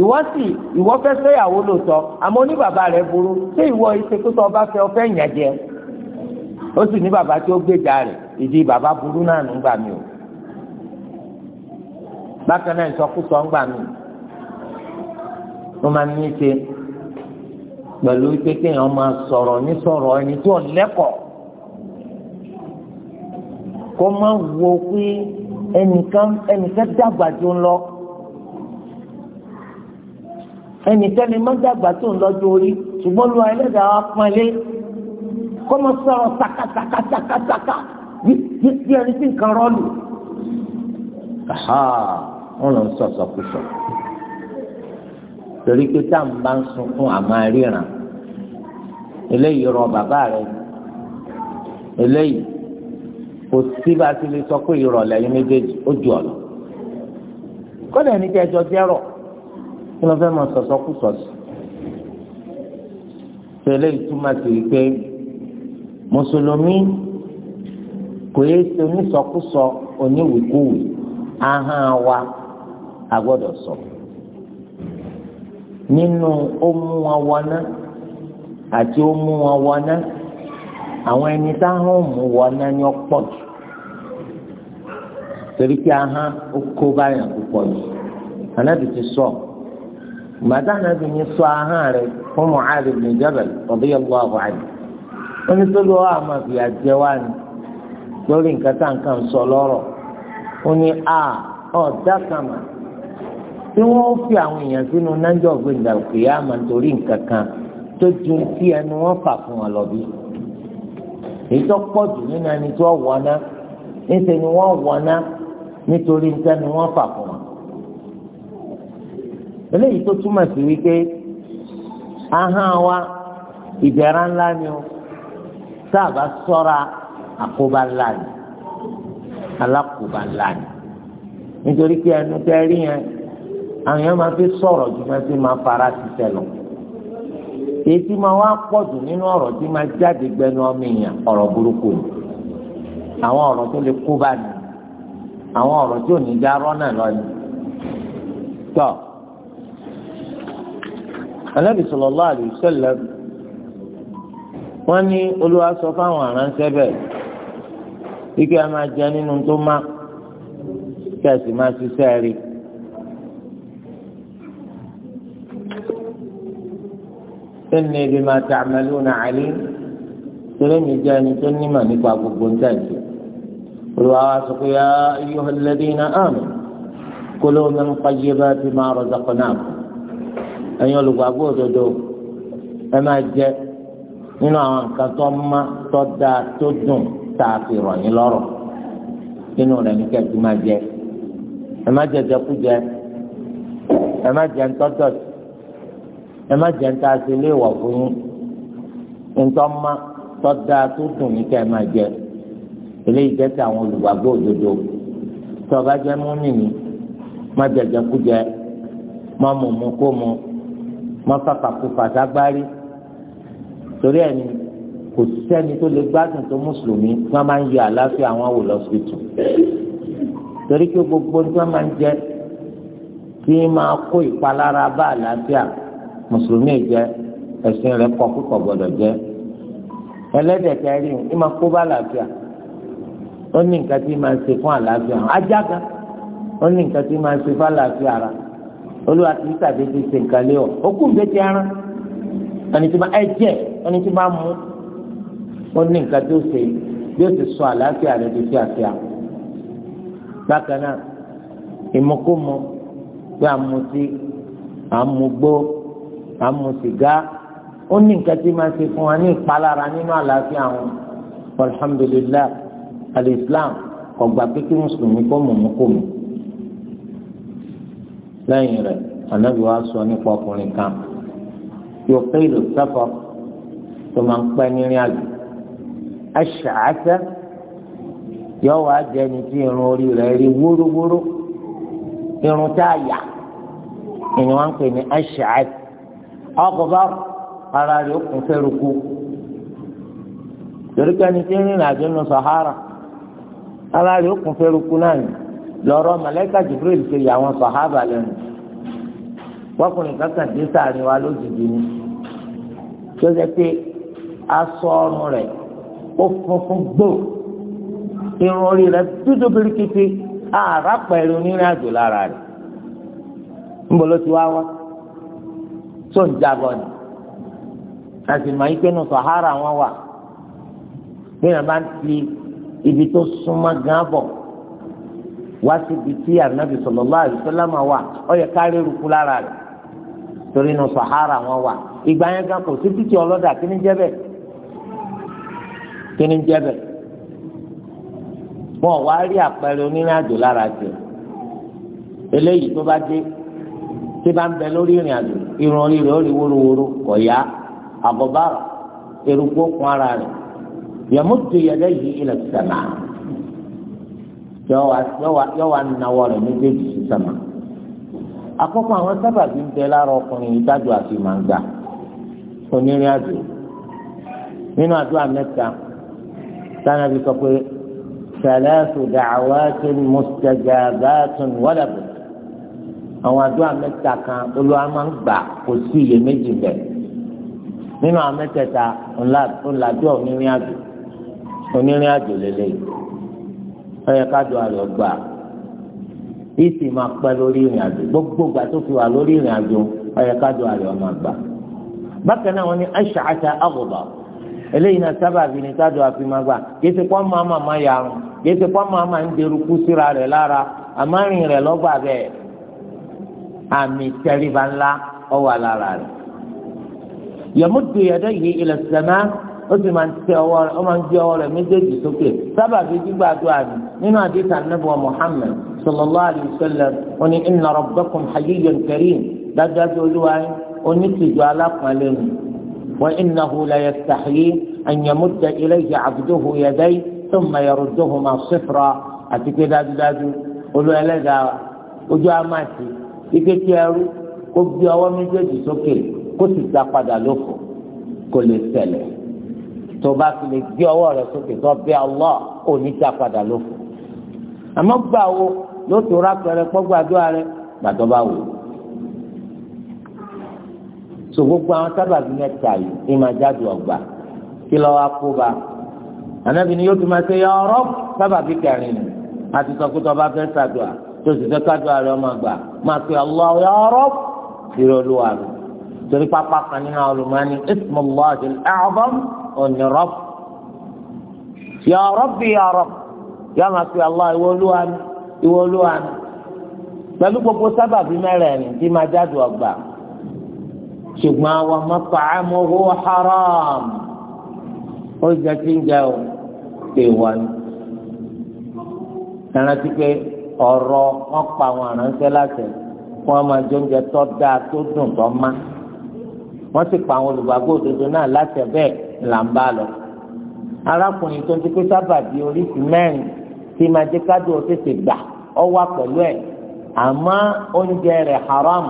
ìwọ sì ìwọ fẹ́ fẹ́yàwó lóòótọ́ àmọ́ ní bàbá rẹ̀ burú ṣé ìwọ ìṣekútọ̀ ọba fẹ́ ọfẹ́ ìyẹn jẹ ó sì ní bàbá tí ó gbèjà rẹ̀ ìdí bàbá burú náà ń gbà mí o bákan náà ìsọkúsọ ń gbà mí o máa ń ní í ṣe pẹ̀lú pé kéèyàn máa sọ̀rọ̀ ní sọ̀rọ̀ ẹni tó lẹ́kọ̀ọ́ kó máa wo pé ẹnìkan ẹnìkan dàgbà tó ń lọ ẹnìkan ni má dàgbà tó ń lọ ju orí ṣùgbọ́n lu ẹlẹ́dàá wa pọ́nlé kó máa sọ̀rọ̀ sàkàsàkàsàkàsàkà bí ẹni tí nǹkan rọ́ọ̀lù. wọ́n lọ sọ̀sọ̀ kù torí pé tá à ń bá ń sunkún àmọ́ àríran eléyìí rọ bàbá rẹ eléyìí kò sí bá a ti lè sọ pé ìrọ̀lẹ́ yín méjèèjì ó ju ọ̀lọ́ kọ́dà ní kí ẹjọ́ jẹ́rọ̀ kí ló fẹ́ mọ sọ̀sọ́ kú tẹ̀lé ìtumọ̀ sí i mùsùlùmí kò yé ṣe onísọkúsọ oníwìkúwì ahọ́n wa a sọ̀rọ̀. nínú ó mú wọná àti ó mú wọn wọná àwọn ẹni táwọn mú wọná ni ó pọ̀ jù torí pé ahọ́n ó kó báyà púpọ̀ jù ti sọ màdá ànábì ní sọ ahọ́n rẹ fún Mu'adh ibn Jabal radiyallahu anhu tó wá ni lórí nǹkan tá sọ tí wọ́n fi àwọn èèyàn sínú nájọ́ gbẹ̀ngà òkè àmọ́ nítorí nǹkan kan tó ju tí ẹnu wọn fà fún wọn lọ bí. èyí tó pọ̀ jù nínú ẹni tí wọ́n níṣẹ́ ni wọ́n nítorí ni wọ́n fà fún wọn. eléyìí tó túmọ̀ sí wípé ahọ́n wa ìbẹ̀rẹ̀ ńlá ni a sọ́ra àwọn èèyàn máa fi sọ̀rọ̀ ju máa fi máa fara ṣiṣẹ́ lọ. èyí máa wá pọ̀ jù nínú ọ̀rọ̀ tí máa jáde gbẹnu ọmọ èèyàn ọ̀rọ̀ burúkú ni àwọn ọ̀rọ̀ tó lè kó bá ní àwọn ọ̀rọ̀ tí ò ní já rọ́nà lọ ni. tọ́ Ànábì sallallahu alaihi wasallam wọ́n ní Olúwa sọ fáwọn aránṣẹ́ bẹ́ẹ̀ ike a máa jẹ nínú tó má kí a sì máa ṣiṣẹ́ rí inni bima ta'maluna alim torí mi jẹ́ ẹni tó nímọ̀ nípa gbogbo ń tẹ̀sí olùwà wa sọ pé ya ayyuhal ladina amanu kulu min tayyibati ma razaqnakum ẹ̀yin olùgbàgbọ́ òdodo ẹ máa jẹ nínú àwọn nǹkan tó má tó dáa tó dùn tá a fi rọ̀ yín lọ́rọ̀ nínú rẹ̀ ní kẹ́kẹ́ máa jẹ ẹ má jẹ jẹkújẹ ẹ má jẹ ńtọ́jọ́sí ẹ má jẹ́ níta ṣe lé wọ̀ fún yín nítorí ọmọ tọ́da tó dùn ní kẹ́ ẹ máa jẹ eléyìí jẹ́ ti àwọn olùgbàgbọ́ òdodo tọ́ba jẹ́ múnìní má jẹjẹ kú jẹ má mú mú kó mu má fàkà kú fàdágbárí torí ẹni kò sẹ́ni tó lè gbádùn tó mùsùlùmí wọ́n máa ń yọ àlàáfíà àwọn wò lọ́sítù torí pé gbogbo tí wọ́n kí máa kó ìpalára bá àlàáfíà musulumi jẹ ẹsìn rẹ̀ kọ púpọ̀ jẹ ẹlẹ́dẹ̀ kẹrin ní máa ó ní nǹkan tí máa fún àlàáfíà ajá kan ó ní nǹkan tí máa fún àlàáfíà ara olúwa kì í sàdédé ṣe nǹkan lé ọ okùn ara ẹni tí máa ẹni tí máa mú ó ní nǹkan tó ti sọ àlàáfíà rẹ di bákan náà à ń mu sìgá ó ní nǹkan tí máa ṣe fún wa ní ìpalára nínú àlàáfíà wọn alhamdulilayi alislam kò gbà pé kí mùsùlùmí kó mọ̀ mọ́ kó mọ̀ lẹ́yìn rẹ̀ ànábì wa sọ nípa ọkùnrin kan yóò pé ìlú sáfọ tó máa ń pẹ́ nírìn àjò aṣàáṣá yóò wá jẹni tí irun orí rẹ̀ rí wórówóró irun tá a yà ìní wọn ń pè ní aṣàáṣá. akọbar ara rẹ̀ ó kún fẹ́rukú torí pé tí ń rìnrìn àjò nù sahara ara rẹ̀ ó kún fẹ́rukú náà ni lọ́rọ̀ mọ̀lẹ́kà jibril ṣe yà wọn sahaba lẹ́nu wọ́kùnrin kankan dé sáàrin wa lójijì ni tó pé aṣọ rẹ̀ ó funfun gbò irun orí rẹ̀ dúdú birikiti àjò lára rẹ̀ ló ti tó ń jábọ̀ ni àti màá yípe nu wọn wà bí wọn bá ń ibi tó súnmọ́ gan bọ̀ wá síbi tí ànábì sallallahu wà ọ yẹ kárí rúkú lára rẹ torí nu wọn wà ìgbà yẹn gan kò sí títí ọlọ́dà kí ni jẹ́ bẹ́ẹ̀ kí ni jẹ́ bẹ́ẹ̀ wọn wá rí àpẹẹrẹ onírìnàjò lára tí bá ń bẹ lórí ìrìn àjò irun orí rẹ̀ ó rí wórówóró kò yá àgọ́bára eruku kún ara rẹ̀ yàmútu yàrá yìí ilẹ̀ sàmà yọ wà nàwọ̀ rẹ̀ méjèèjì sí sàmà. àkọ́kọ́ àwọn sábàbí ń bẹ lára ọkùnrin yìí dájú àti màǹgà onírìn àjò nínú àdúrà mẹ́ta sanabi sọ pé sàlẹ́sù dàwátì mùsàgàbàtì wọ́dàbù. àwọn àdúrà mẹ́ta kan olúwa máa ń gbà kò sí iyèméjì bẹ̀ nínú àwọn mẹ́tẹ̀ẹ̀ta ńlájọ́ onírìn àjò onírìn àjò lélẹ̀ ó yẹ ká dùn àlọ́ gbà ìsì máa lórí ìrìn gbogbo tó fi wà lórí ìrìn àjò ó yẹ ká dùn àlọ́ máa gbà bákan náà wọ́n ní aṣááṣá àgùbà eléyìí náà sábàbí ni tájọ àfi máa gbà kìí ṣe pọ́n máa máa yarun kìí ṣe pọ́n àmì tẹríba ńlá ọwọ́ alára rẹ̀ yamuddu yadayhi ila as-samaa ó sì máa ń tẹ ọwọ́ rẹ̀ ó máa ń gbé ọwọ́ rẹ̀ méjèèjì sókè sábàbí gbígbàdúrà rẹ̀ nínú àdìsá nàbọ̀ Muhammad sallallahu alayhi wa sallam ó ní inna rabbakum hayyun karim dájúdájú olúwa yín onítìjú alápọ̀nlé ni wa innahu la yastahyi an yamudda ilayhi abduhu yadayhi thumma yarudduhuma sifra àti pé dájúdájú olú ẹlẹ́dàá ojú àmàtì ike tí ẹrú kó gbé ọwọ́ méjèèjì sókè kó sì dá padà lófo kò lè ṣẹlẹ̀ tó bá fi lè gbé ọwọ́ rẹ sókè tó bẹ ọlọ́ òní dá padà lófo àmọ́ gbà wo ló tó rà pẹrẹ pọ́gbàdúrà rẹ gbàdọ́ bá wò so gbogbo àwọn sábàbí mẹ́ta yìí ni màá jáde ọgbà kí lọ wá kó ba ànábì ni yóò tún máa ṣe ya Rabb sábàbí kẹrin ni àti sọ pé tó bá fẹ́ ṣàdúrà tó sì fẹ́ kájọ àrẹ ọmọ àgbà máa pe allah ya rab ìrẹ olúwa rẹ torí pápá kan nínú olùmọ́ni ismullahi al-a'zam òní rab ya rabbi ya rab ya máa pe allah ìwọ olúwa mi ìwọ olúwa mi pẹ̀lú gbogbo sábàbí mẹ́rẹ̀ẹ̀rin tí máa jáde ọgbà ṣùgbọ́n àwọn mat'amuhu haram ó jẹ́ tí ń jẹ́ o pé wọ́n ọ̀rọ̀ wọn pa àwọn aránṣẹ́ láṣẹ kí wọ́n máa jóúnjẹ tó dáa tó dùn tó má wọ́n sì pa àwọn olùgbàgbọ́ òdodo náà láṣẹ bẹ́ẹ̀ là ń bá lọ. arákùnrin tó ń ti pé sábàbí oríṣi mẹ́rin tí máa jẹ́ kádùn ó tètè gbà ọ wà pẹ̀lú ẹ̀ àmọ́ oúnjẹ rẹ̀ haram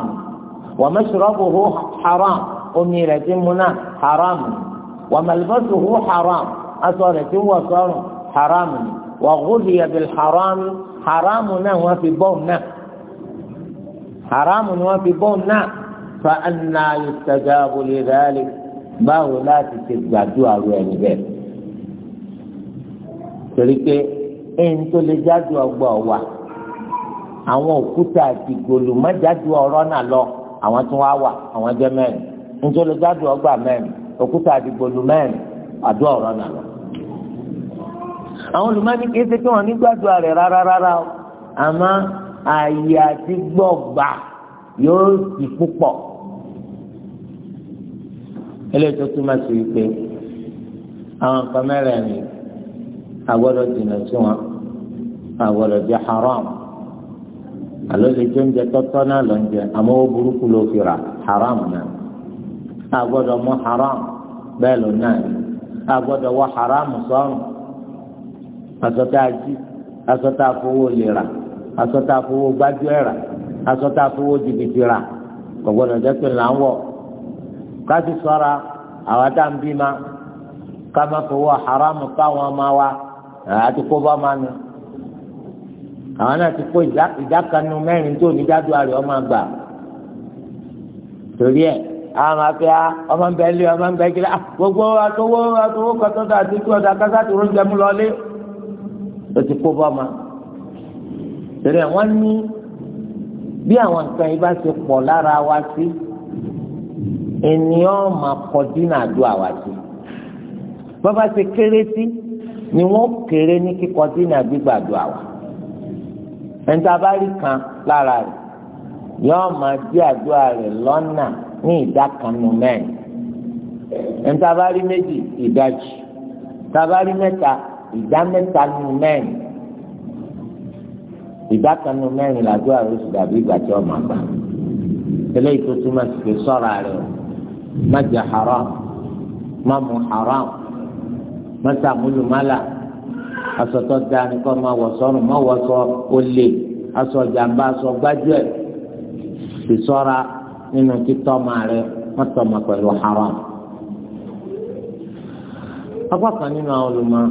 wa mashrabuhu haram omi rẹ̀ ti mu náà haram wa malbasuhu haram aṣọ rẹ̀ ti wọ̀ sọ́run haram wa ghudiya bil haram haramu náà wọ́n fi bọ́ọ̀mù náà haramu ni wọ́n fi bọ́ọ̀mù náà fa báwo láti ṣe ẹni bẹ́ẹ̀ torí pé ẹni tó lè jáde ọgbà àwọn òkúta àti má jáde ọrọ náà lọ àwọn wà àwọn jáde ọgbà òkúta àti àwọn olùmọ́ni kì í ṣe pé wọ́n ní gbàdúrà rẹ̀ rárá rárá o àmọ́ ààyè àti gbọ̀gbà yóò sì púpọ̀ eléyìí tó túmọ̀ sí wípé àwọn nǹkan mẹ́rẹ̀ẹ̀rin àgbọ̀dọ̀ jìnnà sí wọn àgbọ̀dọ̀ jẹ́ haram àlọ́ lè jẹ́ oúnjẹ tọ́tọ́ náà lọ jẹ àmọ́ ó burúkú ló fi rà haram náà àgbọ̀dọ̀ mú haram bẹ́ẹ̀ lọ náà àgbọ̀dọ̀ wọ haram sọ́run aṣọ tá a jí aṣọ tá a fowó lè rà aṣọ tá a fowó gbájú ẹ̀ rà aṣọ tá a fowó jìbìtì rà kò gbọdọ̀ jẹ́ pé là ń wọ̀ ká sì sọ́ra àwa tá à ń bí ma ká má fowó haramu fáwọn ọmọ wa àti kó bá ma nù àwọn náà ti kó ìdákanu mẹ́rin tó ní dádùn àrè ọmọ àgbà torí ẹ̀ àwọn afẹ́ ah, ọmọ nbẹ́lẹ́ ọmọ nbẹ́kẹ́lẹ́ ah, gbogbo àtọwọ́ àtọwọ́ kọ́tọ́tọ́ àti tí ọ̀dà kásá tó ń jẹun lọ́lé ó ti kó bọ́mọ tẹ̀lé wọ́n ní bí àwọn nǹkan yìí bá ṣe pọ̀ lára wa sí ènìyàn máa kọ dínà àdúrà wa sí bàbá ṣe kéré sí ni wọ́n kéré ní kíkọ dínà gbígbà àdúrà wa ẹni tá a bá rí kan lára rẹ̀ yóò máa dí àdúrà rẹ̀ lọ́nà ní ìdá kan nù mẹ́rin ẹni tá a bá rí méjì ìdajì tá a bá rí mẹ́ta ìdá mẹ́ta nínú mẹ́rin ìdá kan nínú mẹ́rin làdó àrùn oṣù dàbí ìgbà tí ọmọ àgbà tẹ́lẹ̀ tó túmọ̀ sí pé sọ́ra rẹ̀ má jẹ haram má mu haram má sàmúlò má là asọ̀tọ̀ da nìkan má wọ̀ sọ́run má wọ̀ sọ olè asọ̀ jàmbá asọ̀ gbájúẹ̀ sì sọ́ra nínú títọ́ ọmọ rẹ̀ má tọ́ ọmọ pẹ̀lú haram. apá kan nínú àwọn olùmọ̀ràn.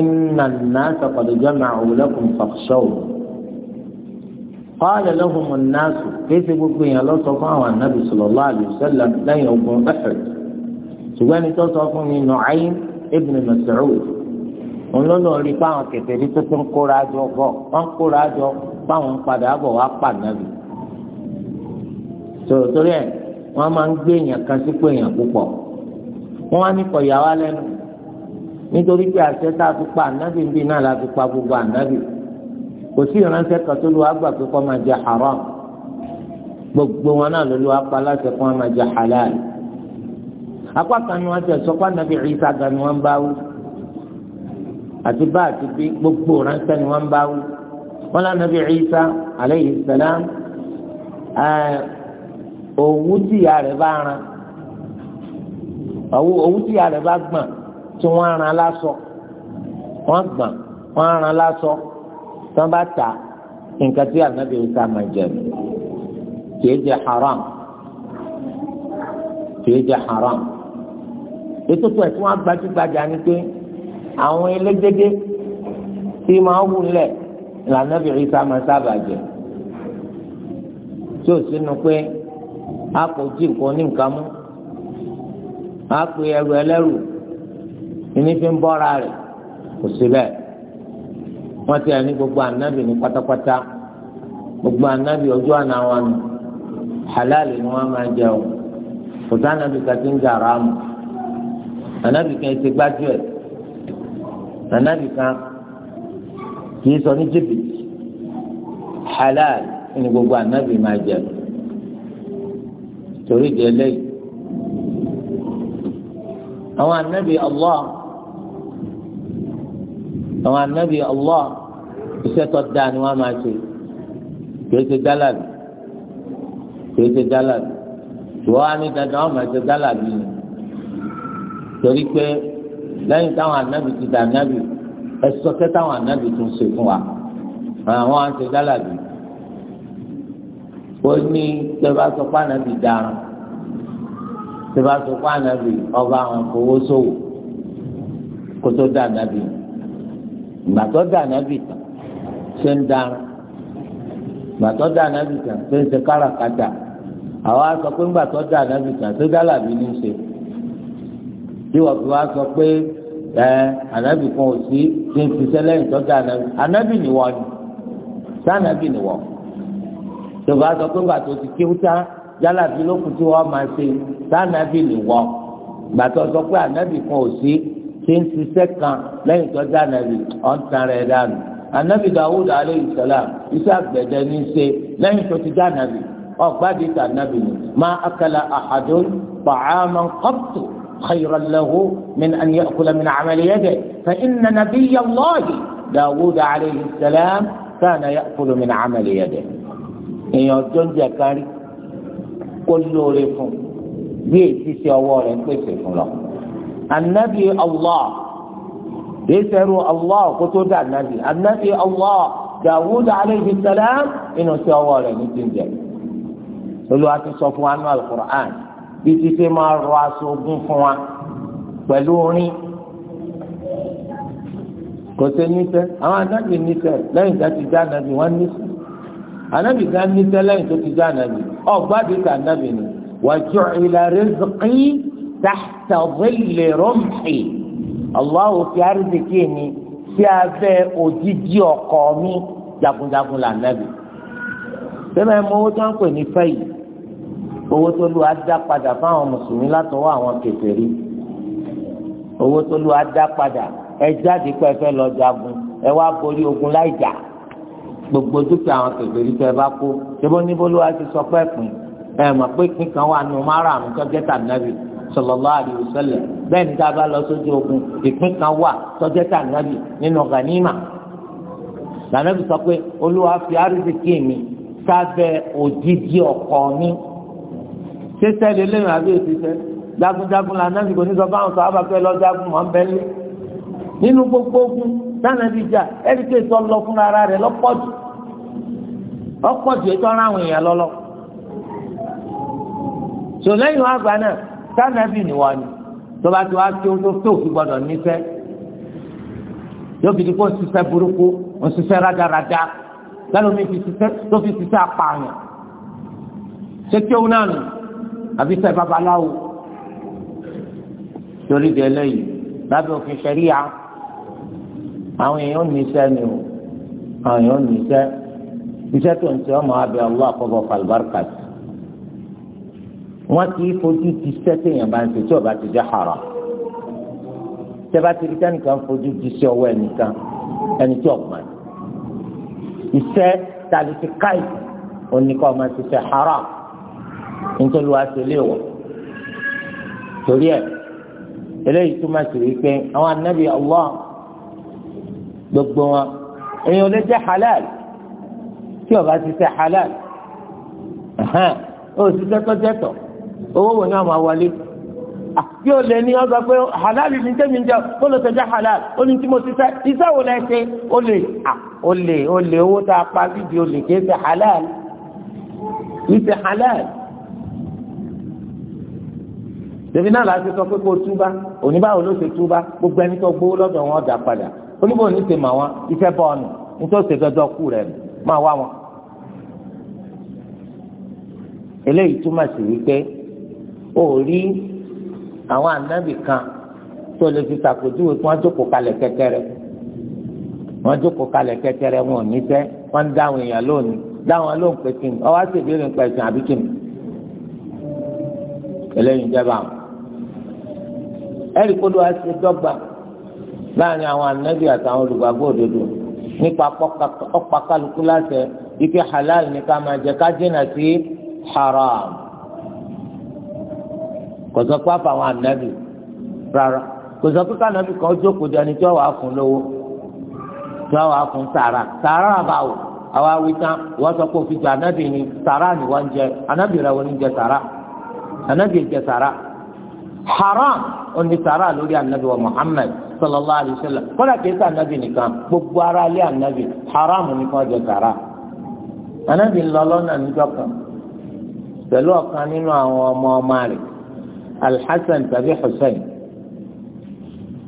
إن الناس قد جمعوا لكم lakum fakhshaw لهم الناس an-nas kéésì gbogbo èèyàn lọ sọ fún àwọn anábì sallallahu alayhi wa sallam lẹ́yìn ogun Uhud ṣùgbọ́n ẹni tó sọ fún mi Nu'aym ibn Mas'ud òun ló lọ rí páwọn kèfèrí tó tó ń kóra jọ bọ̀ wọ́n kóra jọ páwọn padà bọ̀ wá pàdánù tòótórí ẹ̀ wọ́n máa ń gbé èèyàn kan sípò èèyàn púpọ̀ wọ́n á ní kọ̀yà wá lẹ́nu nítorí pé àṣẹ tá a fi pa ànábì bíi náà la fi pa gbogbo ànábì kò sí ìránṣẹ́ kan tó lu àgbà pé kó máa jẹ haram gbogbo wọn náà ló lu apá láti kó máa jẹ halal apá kan ni wọn ti sọ pé ànábì Ìsá gan ni wọn bá wú àti bá àti bí gbogbo ìránṣẹ́ ni wọn bá wú wọn lànà bí Ìsá alayhi salam òwú tìyà rẹ̀ bá ran òwú tìyà rẹ̀ bá gbọ̀n tí wọ́n aran lásọ wọ́n gbọ̀n wọ́n aran lásọ tí wọ́n bá ta nǹkan tí ànábì Isa máa jẹ kìí jẹ haram kìí jẹ haram ètò tó ẹ̀ tí wọ́n gbajúgbajà ni pé àwọn elégédé tí máa wù lẹ̀ lànàbì Isa máa sábà jẹ tí ò sínú pé a kò jí nǹkan ní nǹkan mú a pè ẹrù ẹlẹ́rù. ìní fi ń bọ́ra rẹ̀ kò sí bẹ́ẹ̀ wọ́n ti gbogbo ní gbogbo ojú àná wọn nù halali ni wọ́n máa jẹ o kò sí kàtí ń jà ráàmù kan ti gbájú ẹ̀ kan kì í sọ ní jìbìtì ni gbogbo ànábì máa jẹ torí di eléyìí àwọn àwọn anabi Allah iṣẹ́ tó dáa ni wọ́n máa ṣe kìí ṣe gálàbì kìí ṣe gálàbì wọ́n á ní dandan wọ́n máa ṣe gálàbì ni torí pé lẹ́yìn táwọn anabi ti dà anabi ẹ̀sọ́ kẹ́ anabi tún ṣe fún wa àwọn á ṣe gálàbì ó ní tẹ́lá sọ pé anabi dáa tẹ́lá sọ pé anabi ọba àwọn fowó sòwò kótó dá anabi ìgbà tó dà nábì tán ṣe ń dára ìgbà tó dà nábì tán ṣe ń ṣe káràkátà àwa sọ pé ńgbà tó dà nábì tán ṣe dálàbí ní ṣe tí wọ́n fi wá sọ pé ẹ ànábì kan ò sí ṣe ń ṣiṣẹ́ lẹ́yìn tó dà nábì ànábì ni wọ́n ni sánábì ni wọ́n tó bá sọ pé ńgbà ti kí wúta jálàbí lókùn tí wọ́n máa ṣe sánábì ni wọ́n gbàtọ́ sọ pé ànábì kan ò sí ṣe ń ṣiṣẹ́ kan lẹ́yìn tó dá nàbì ọ̀n tan rẹ̀ dànù anabi dawud aleyhi salam iṣẹ́ àgbẹ̀dẹ ní í ṣe lẹ́yìn tó ti dá nàbì ọ̀gbádìí tà nàbì ni ma akala ahadun ta'aman qattu khayran lahu min an ya'kula min amali yadihi fa inna nabiyya allahi dawud aleyhi salam kana ya'kulu min amali èèyàn ọjọ́ ń jẹ kárí kó lóore fún bí èyí ti ṣe ọwọ́ rẹ̀ ń pèsè fún lọ anabi allah kìí sẹ́rù allah kó tó dá anabi anabi allah dawud alayhi salam inú sí ọwọ́ rẹ̀ ní jíjẹ olùwà ti sọ fún wa nínú alukur'an bí títí máa rọ aṣọ ogun fún wa pẹ̀lú orin kò sí níṣẹ́ àwọn anábì níṣẹ́ lẹ́yìn tó ti já anábì wọ́n níṣẹ́ anábì gan níṣẹ́ ti já anábì ọ̀gbádìí ká anábì ni wàjú ìlà rẹ̀ zùkì tahta dhilli rumhi Allahu fi àrídìkì mi sí abẹ́ òjijì ọkọ mi jagunjagun là nàbì sẹ́mi ẹ̀ mọ owó tó ń pè ní fẹ́ yìí owó tó lu adá padà fáwọn mùsùlùmí látọwọ́ àwọn kèfèrí owó tó lu adá padà ẹ jáde pé ẹ fẹ́ lọ jagun ẹ wá borí ogun láì gbogbo dúkìá àwọn kèfèrí tẹ bá kó ṣé bó ní bó ló wá ti sọ pé ẹ̀pìn ẹ̀ mọ̀ pé pín wà nù márùn-ún tó tàbí nàbì. sallallahu alaihi wasallam bẹ́ẹ̀ ni lọ sójú ogun ìpín kan wà tọ́jẹ́ tà nábì nínú ganima lànàbì sọ pé olúwa fi àrísìkí mi sábẹ́ òjijì ọkọ mi ṣẹṣẹ lélẹyìn àbí òṣìṣẹ jagunjagun lànàbì kò ní sọ fáwọn sọ abàfẹ lọ jagun mọ nbẹlẹ nínú gbogbo ogun jà sọ lọ fún ara ètò àwọn èèyàn lọlọ sọlẹyìn náà. sànàbì ni wọ́n ni tó bá ti wá kí ó tó fi gbọ́dọ̀ nífẹ̀ẹ́ yóò fi di kó ṣiṣẹ́ burúkú ó ṣiṣẹ́ rádaràda lẹ́nu mi fi ṣiṣẹ́ tó fi ṣiṣẹ́ apààyàn ṣé kí òun náà nù àbí ṣe babaláwo torí di eléyìí lábẹ́ òfin ṣẹ̀ríya àwọn èèyàn ò ní iṣẹ́ ni o àwọn èèyàn ò ní iṣẹ́ iṣẹ́ tó ń ṣe ọmọ abẹ́ ọlọ́ àkọ́bọ̀ fàlùbáràkàtì wọn kì í fojú ti sẹ́tẹ̀ yẹn bá ń ṣe tí ọba ti jẹ́ haram tẹ́bá ti rí kánìkan fojú ti ṣe ọwọ́ ẹnìkan ẹni tí ọ̀gbọ́n iṣẹ́ tàbí ti káyì oníkọ́ ọmọ ti ṣe haram nítorí wàá ṣe léèwọ̀ torí ẹ̀ eléyìí túmọ̀ sí wípé àwọn anábì Allah gbogbo wọn èèyàn lè jẹ́ halal tí ọba ti ṣe halal ó sì ṣe tọ́jẹ́tọ̀ owó wo ni wọ́n máa wọlé bí o lè ní ọgbà pé halal ní tẹ́mi jẹ́ ó lọ halal ó ní tí mo ti sẹ́ iṣẹ́ wo lẹ́ ṣe ó lè ó ah, lè ó lè owó tá a pa bíbi ó lè ké ṣe halal ìṣe halal tẹ̀mí náà láti sọ pé kó túbá òní báwo ló ṣe túbá gbogbo ẹni tó gbowó lọ́dọ̀ wọn dà padà oníbò ní tèmọ̀ wọn iṣẹ́ bọ́ ọ̀nà nítorí ṣe dọ́dọ́ kú rẹ̀ máa wá wọn. eléyìí túmọ̀ sí wípé orí, rí àwọn ànábì kan tó lè fi ṣàpèjúwe kí wọ́n jókòó kalẹ̀ kẹ́kẹ́rẹ́ wọ́n jókòó kalẹ̀ wọn ò ní wọ́n ń dáhùn èèyàn lónìí dáhùn lóhùn pé kí ni ọwọ́ á sì béèrè eléyìí jẹba ẹ̀rí kó ló wá láàrin àwọn ànábì àtàwọn olùgbàgbọ́ òdodo nípa ọ̀pá kálukú láṣẹ ike halal ní ká máa jẹ ká sí kò sọ pé àfàwọn ànábì rárá kò sọ pé kánábì kan jókòó di ẹni tí wọ́n wàá fún lówó tí wọ́n wàá fún sàrà sàrà àbáwò àwa wí tán wọ́n sọ pé òfin jù ànábì ni sàrà ni wọ́n ń jẹ ànábì rẹ̀ wọ́n ń jẹ sàrà ànábì jẹ sàrà haram oní sàrà lórí ànábì wa Muhammad sallallahu alayhi wa sallam kọ́lá kìí sá ànábì nìkan gbogbo ara lé ànábì haram ni kò jẹ sàrà ànábì ńlọ lọ́nà níjọ́ kan pẹ̀lú ọ̀kan nínú àwọn ọmọ ọmọ rẹ̀ alhassan tàbí hussein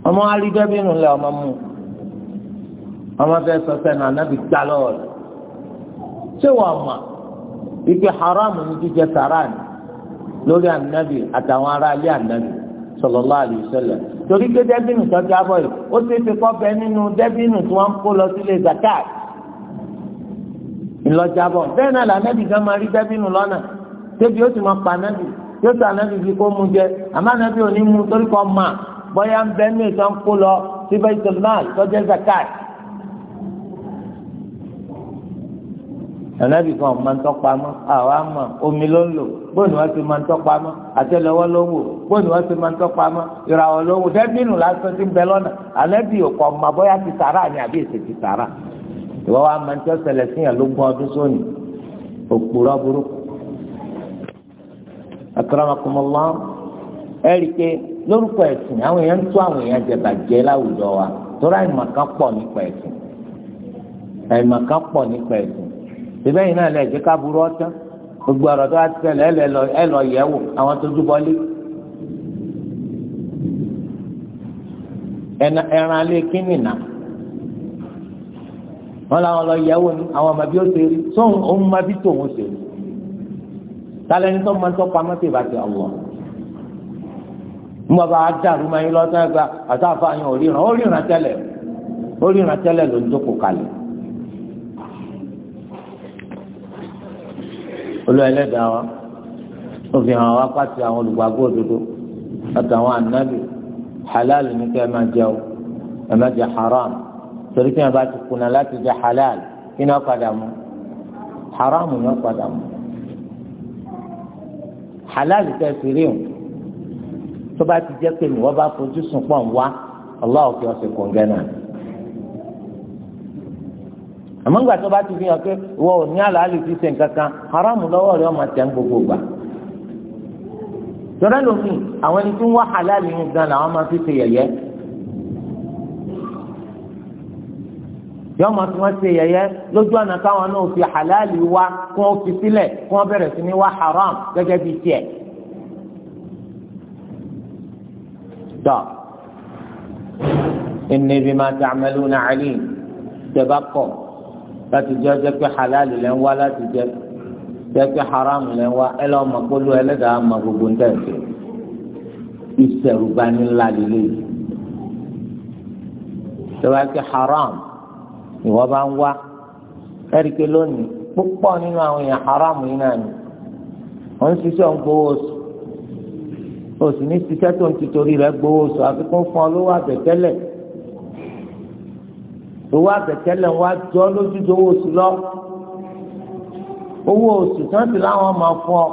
ọmọ alidọ́bí nù lẹ ọmọ mu ọmọ fẹ́ sọ sẹ́nu anábì gbà lọ́wọ́ rẹ̀ ṣé wọ́n mọ̀ ike haram ní jíjẹ sàrà ni lórí anábì àtàwọn ará ilé anábì sallallahu alaihi wasallam torí pé dẹ́bìnù tó jábọ̀ yìí ó ti fi kọ́fẹ́ nínú dẹ́bìnù tí wọ́n ń kó lọ sílé zakat ńlọ jábọ̀ náà lànàbì gan máa rí dẹ́bìnù lọ́nà débi ó ti máa pa anábì yóò sọ anabi fi kó mu jẹ àmọ́ anabi ò ní mu torí kọ ma bóyá ń bẹ ní ìtàn kó lọ síbẹ̀ ìtòlmáì tọjẹ zakat. anabi kan máa ń tọpa mọ àwa mọ omi ló ń lò bóyá wọn ti máa ń tọpa mọ àtẹ́lẹwọ́ ló wò bóyá wọn ti máa ń tọpa mọ ìràwọ̀ ló wò dẹbìnú lásán ti ń bẹ lọ́nà anabi ò kọ ma bóyá ti sàrà ni àbí èsì ti sàrà ìwọ wa máa ń tẹ ọsẹlẹ síyàn ló gbọ ọdún sóni òpùrọ́ burúkú. akramakumullah ẹ rí i pé lórúkọ ẹ̀sìn àwọn èèyàn ń tú àwọn èèyàn jẹ bàjẹ́ láwùjọ wa torí àìmọ̀kan pọ̀ nípa ẹ̀sìn àìmọ̀kan pọ̀ nípa ẹ̀sìn síbẹ̀ yìí náà lẹ́ẹ̀jẹ́ ká burú ọ́tán gbogbo ọ̀rọ̀ tó wá ti lọ wò àwọn tó ẹran alẹ́ làwọn lọ wò àwọn ọmọ bí ó ṣe rí sóhun kálẹ̀ ní sọ́mọ sọ́ pamọ́ sí ìbàdí ọ̀wọ́ mo bá dàrú ma yín lọ́sẹ̀ gba àtàfà yín ò ríran ó ríran tẹ́lẹ̀ ó ríran tẹ́lẹ̀ ló ń jókòó kalẹ̀. olú ẹlẹ́dàá wa ó fi hàn wá pàṣẹ àwọn olùgbàgbọ́ òdodo àtàwọn ànábì halal ni kẹ́ ẹ máa o ẹ máa haram torí kí wọn bá ti kùnà láti jẹ halal kí ni wọn padà mú haram ni wọn padà mú. halal tẹ fi rí tó bá ti jẹ́ pé bá fojú sùn pọ̀ ń wá Allah fi wọ́n kò ń gẹ́ náà àmọ́ ńgbà tó bá ti fi hàn pé ò ní àlàálì fi ṣe nǹkan haramu lọ́wọ́ rẹ̀ ọmọ tẹ̀ ń gbogbo gbà tọ́lá lómi àwọn ẹni ń wá halal yìí gan làwọn máa fi ṣe yẹ̀yẹ́ yọ ọmọ tí wọn ṣe yẹ̀yẹ́ lójú ọ̀nà káwọn náà fi halali wá kí wọn fi sílẹ̀ kí wọn bẹ̀rẹ̀ sí ní wá haram gẹ́gẹ́ bíi tiẹ̀. dọ inni bima ta'maluna alim tẹ̀bá kọ̀ láti jẹ́ jẹ́ pé halali lẹ́ ń wá láti jẹ́ jẹ́ pé haram lẹ́ ń wá ẹ lọ́ọ́ mọ̀ pé olú ẹlẹ́dàá mọ̀ gbogbo ń tẹ̀sí ìṣẹ̀rùbánilá lélẹ́yìí tẹ̀bá kí haram ìwọ bá ń wá ẹ̀ríkẹ́ lónìí púpọ̀ nínú àwọn èèyàn haram yìí náà ni wọ́n ń ṣiṣẹ́ ń gbowó oṣù oṣù ní ṣiṣẹ́ tó ń tìtorí rẹ̀ gbowó oṣù àfikún fún ọ lówó àbẹ̀tẹ́lẹ̀ owó àbẹ̀tẹ́lẹ̀ ń wá jọ lójú owó oṣù lọ owó oṣù tí wọ́n ti láwọn máa fún ọ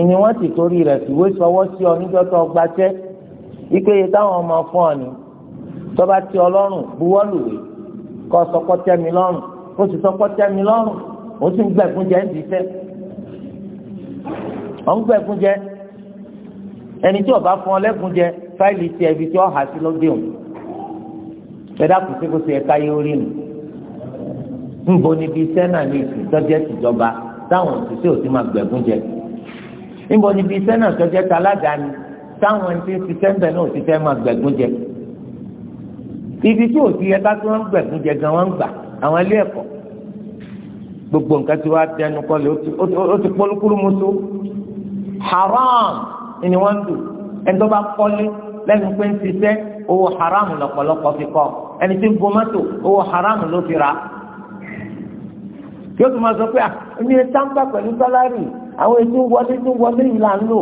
ìní wọ́n ti torí rẹ̀ fìwé sọwọ́ sí ọ níjọ́ tó gbaṣẹ́ ìpéye táwọn máa fún ọ ni tọ́ba ti ọlọ́run buwọ́ kọ́ sọpọ́ tẹ́ mi lọ́rùn ó sì sọpọ́ tẹ́ mi lọ́rùn ó sì ń gbẹ̀kún jẹ́ ń dìísẹ́ ọ̀ ń gbẹ̀kún jẹ́ ẹni tí ó bá fún ọ lẹ́kún jẹ́ fáìlì ti ẹbí tí ó hà sí lóde òun ẹ̀dá kù sí kó ṣe ẹ̀ka yé orí nù níbi iṣẹ́ náà ní ìtọ́jẹ́ tìjọba táwọn òṣìṣẹ́ òsì máa gbẹ̀gún jẹ ńbo níbi iṣẹ́ náà tọ́jẹ́ talága táwọn ẹni tí ń ṣiṣẹ́ ń náà òṣìṣẹ́ máa gbẹ̀gún jẹ ibi tí o sí yẹ ká tí wọ́n ń gbẹ̀gùn jẹ gan wọ́n ń gbà àwọn ilé ẹ̀kọ́ gbogbo nǹkan tí wàá tẹnu kọlẹ̀ ó ti polúkúrú musu haram ni wọ́n ń dù ẹni tó bá kọ́lé lẹ́nu pé ń ṣiṣẹ́ owó haram lọ́pọ̀lọpọ̀ fi kọ́ ẹni tí ń bo mọ́tò owó haram ló fi ra yóò tún máa sọ pé à ní sáńpà pẹ̀lú sálárì àwọn ètò wọlé tó wọlé yìí là ń lò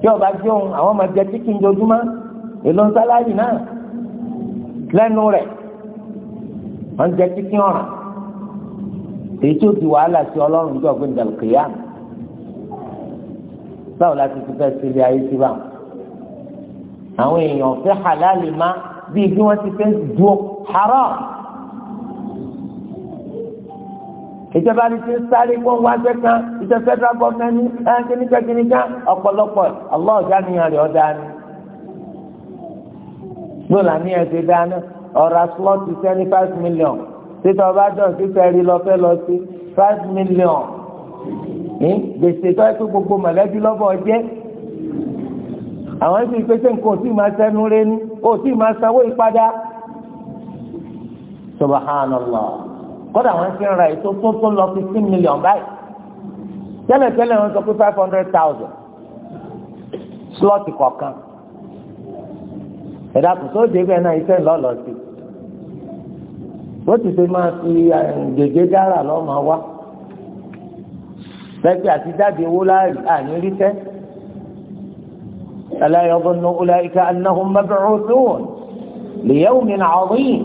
tí ọba jẹun àwọn máa jẹ chicken jojúmọ́ èlò sálárì náà lẹ́nu rẹ̀ wọ́n jẹ́ kíkí ọ̀ràn èyí tó di wàhálà sí ọlọ́run jọ pé ndàlùkìyà báwo la ti ti fẹ́ sílé ayé sí bá àwọn èèyàn fẹ́ halálì má bíi bí wọ́n ti fẹ́ du haram ìjọba ni ti sáré kó wá jẹ kan ìjọ federal government ní kíníkà kíníkà ọ̀pọ̀lọpọ̀ ọlọ́ọ̀dá nìyàn rẹ̀ ọ̀dá ni náà là ní ẹsẹ̀ dáná ọ̀rọ̀ slọ́ọ̀tì sẹ́ni five million títọ́ ọba dán títọ́ ẹ̀rí lọ fẹ́ lọ sí five million gbèsè tó ẹ pé gbogbo mọ̀lẹ́bí lọ́bọ̀ jẹ́ àwọn ẹ̀sìn ìpèsè nǹkan ò tí ì máa sẹ́nu rẹ ní ò tí ì máa sanwó ìpadà subhanallah kódà wọn ti ń ra ètò tó tó lọ fifteen million báyìí tẹ́lẹ̀tẹ́lẹ̀ wọn sọ pé five hundred thousand slọ́ọ̀tì kọ̀ọ̀kan ẹ̀dá kò sóde bẹ́ẹ̀ náà iṣẹ́ lọ́lọ́ sí bó ti ṣe máa fi eh, gègé dára lọ́ọ́ máa wá lẹ́gbẹ́ àti jáde owó láàrin àní ríṣẹ́ aláyọ̀gbọ́n ọláìka anáhùn mab'uthun li yawmin 'azim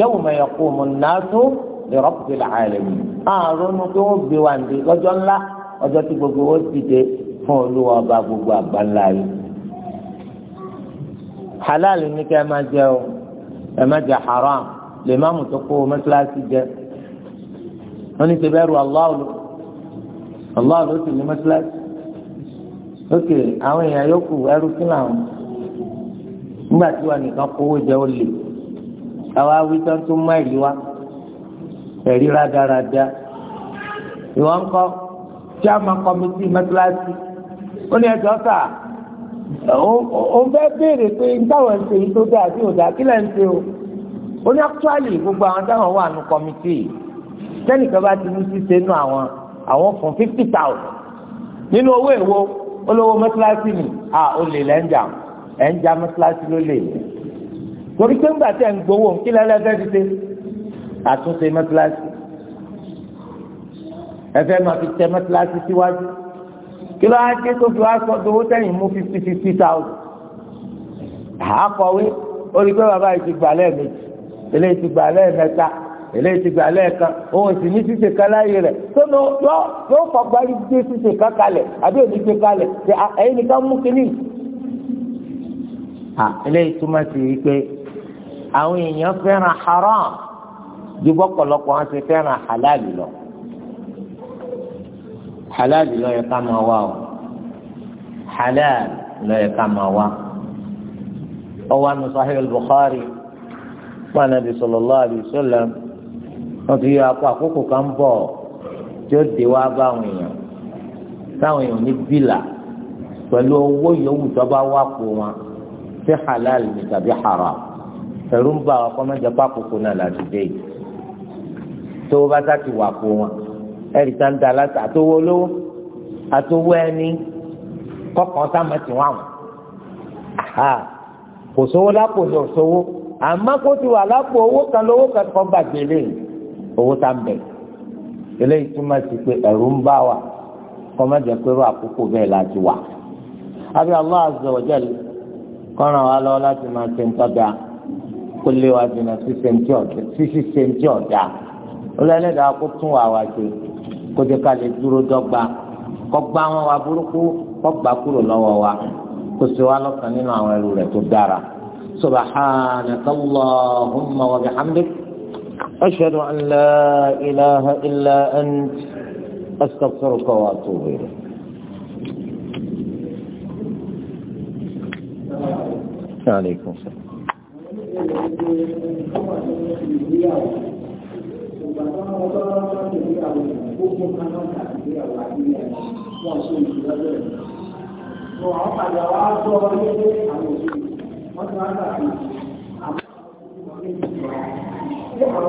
yawma yaqumu an-nasu li rabbil 'alamin. àrùn tó ń gbé wa ní ọjọ́ ńlá ọjọ́ tí gbogbo ó ti dé fún olúwa ọba gbogbo àgbáńlá yìí halal ní kẹ́ ẹ máa jẹ o ẹ má jẹ haram lè má mú tó kó o mọ́tíláṣí jẹ wọ́n ní tẹ́lẹ̀ rú aláwọ̀ aláwọ̀ ló sì ní mọ́tíláṣí ókè àwọn èèyàn yòókù ẹrú sí làwọn nígbà tí wọn nìkan kówó jẹ ó lè àwa wí tán tó má ìlú wa ẹ̀rí rádaràda ìwọ ńkọ́ tí a máa kọ́ mi sí mọ́tíláṣí ó ní ẹjọ́ sáà òun fẹ́ béèrè pé táwọn ń ṣe yìí tó dáa sí òdà kí lẹ́ ń ṣe o ó ní actually gbogbo àwọn táwọn wà ní kọ́mítì tẹ́nìkan bá ti ní ṣíṣe nú àwọn àwọn fún fifty thousand nínú owó èwo olówó mọ́tíláṣí ni à ó lè lẹ́ńjà ẹ̀ńjà mọ́tíláṣí ló lè torí pé ńgbà tẹ̀ ń gbowó kí lẹ́lẹ́fẹ́ ti ṣe àtúnṣe mọ́tíláṣí ẹ̀fẹ́ máa fi tẹ mọ́tíláṣí síwájú kí ló á dé tó fi wá sọ tó tẹ̀yìn mú fifty fifty thousand àkọ̀wé orí pé bàbá yìí ti gbà lẹ́ẹ̀mejì eléyìí ti gbà lẹ́ẹ̀mẹ́ta eléyìí ti gbà lẹ́ẹ̀kan òun sì ní ṣíṣe kan láyé rẹ̀ tó lọ yọ yóò fọgbárí gbé ṣíṣe kan kalẹ̀ àbí òní gbé kalẹ̀ ṣe ẹ̀yin nìkan mú kínní. eléyìí túmọ̀ sí i pé àwọn èèyàn fẹ́ràn haram ju bọ́pọ̀lọpọ̀ wọn ti fẹ́ràn halal lọ halal ló yẹ ká máa wá o halal ló yẹ ká máa wá ọwọ́ àmì Sahih al-Bukhari fún anabi sallallahu alayhi wa sallam wọ́n ti yọ akọ àkókò kan bọ̀ tí ó dé wá bá àwọn èèyàn táwọn èèyàn ní bílà pẹ̀lú owó yòówù tó bá wà kó wọn sí halal ní tàbí haram ẹ̀rú ń bá ọkọ mẹ́jọ pákókó náà láti dé tó bá sá ti wà kó wọn ẹ̀rì tá ń da aláta àtowó olówó àtowó ẹni kọkàn sáma ti wà wọn kò sówó lápò ní òṣòwò àmọ́ kó ti wà lápò owó kan lówó kan kọ́ gbàgbé lẹ́yìn owó tá ń bẹ̀ eléyìí túmọ̀ sí pé ẹ̀rù ń bá wa kọ́ má jẹ́ pé irú àkókò bẹ́ẹ̀ láti wà àbí Allah azza wa jal kọ́ran wa lọ́wọ́ láti máa ṣe ń tọ́jà kó lé wa jìnnà sí ṣe ń tí ọ̀dà olùyẹlẹ́dàá kó tún wà wá ṣe kó jẹ́ ká lè dúró dọ́gba kó gbá wọn wá burúkú kó gbà kúrò lọ́wọ́ wa kó sì wá lọ́kàn nínú àwọn ẹrú rẹ̀ tó dára subhanakallahumma wa bihamdik ashhadu an la ilaha illa ant astaghfiruka wa atubu ilayk. Assalamu alaikum ìgbàgbọ́n ọjọ́ lọ́jọ́ ìgbéyàwó gbogbo kanáà tàbí ìgbéyàwó àdúgbò wọn ṣe ìṣúlọ́jọ́ ẹ̀. Sọ àwọn padà wá sọ ilé àwọn òṣèlú wọ́n ti máa ń tàbí àwọn ṣé àwọn ọmọ wọn ní ìlú àwọn àti ìlú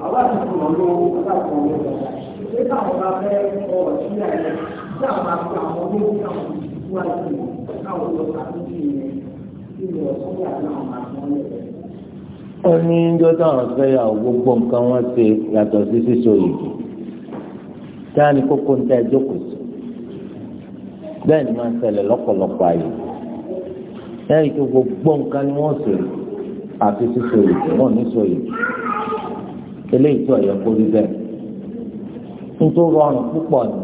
lọ́wọ́ látàkùn ọ̀rẹ́ ọ̀gá. Ṣé káwọn bá fẹ́ ọ sí àyẹ̀ ṣé àwọn àti àwọn olówó káwọn ìlú wáyé káwọn lọ sàkóso ìyẹn ìlú ọ̀sán ó ní ìjọ táwọn fẹ́yàwó gbogbo nǹkan wọ́n ṣe yàtọ̀ sí sísọ ìgì táà ní kókó ń ta ìjókòó sí bẹ́ẹ̀ ni máa ń ṣẹlẹ̀ lọ́pọ̀lọpọ̀ àyè lẹ́yìn tó gbogbo nǹkan ni wọ́n ṣe àti sísọ ìgì wọ́n ní sọ ìgì eléyìí tó ẹ̀yọ́ kó rí bẹ́ẹ̀ nítorí rọrùn púpọ̀ ni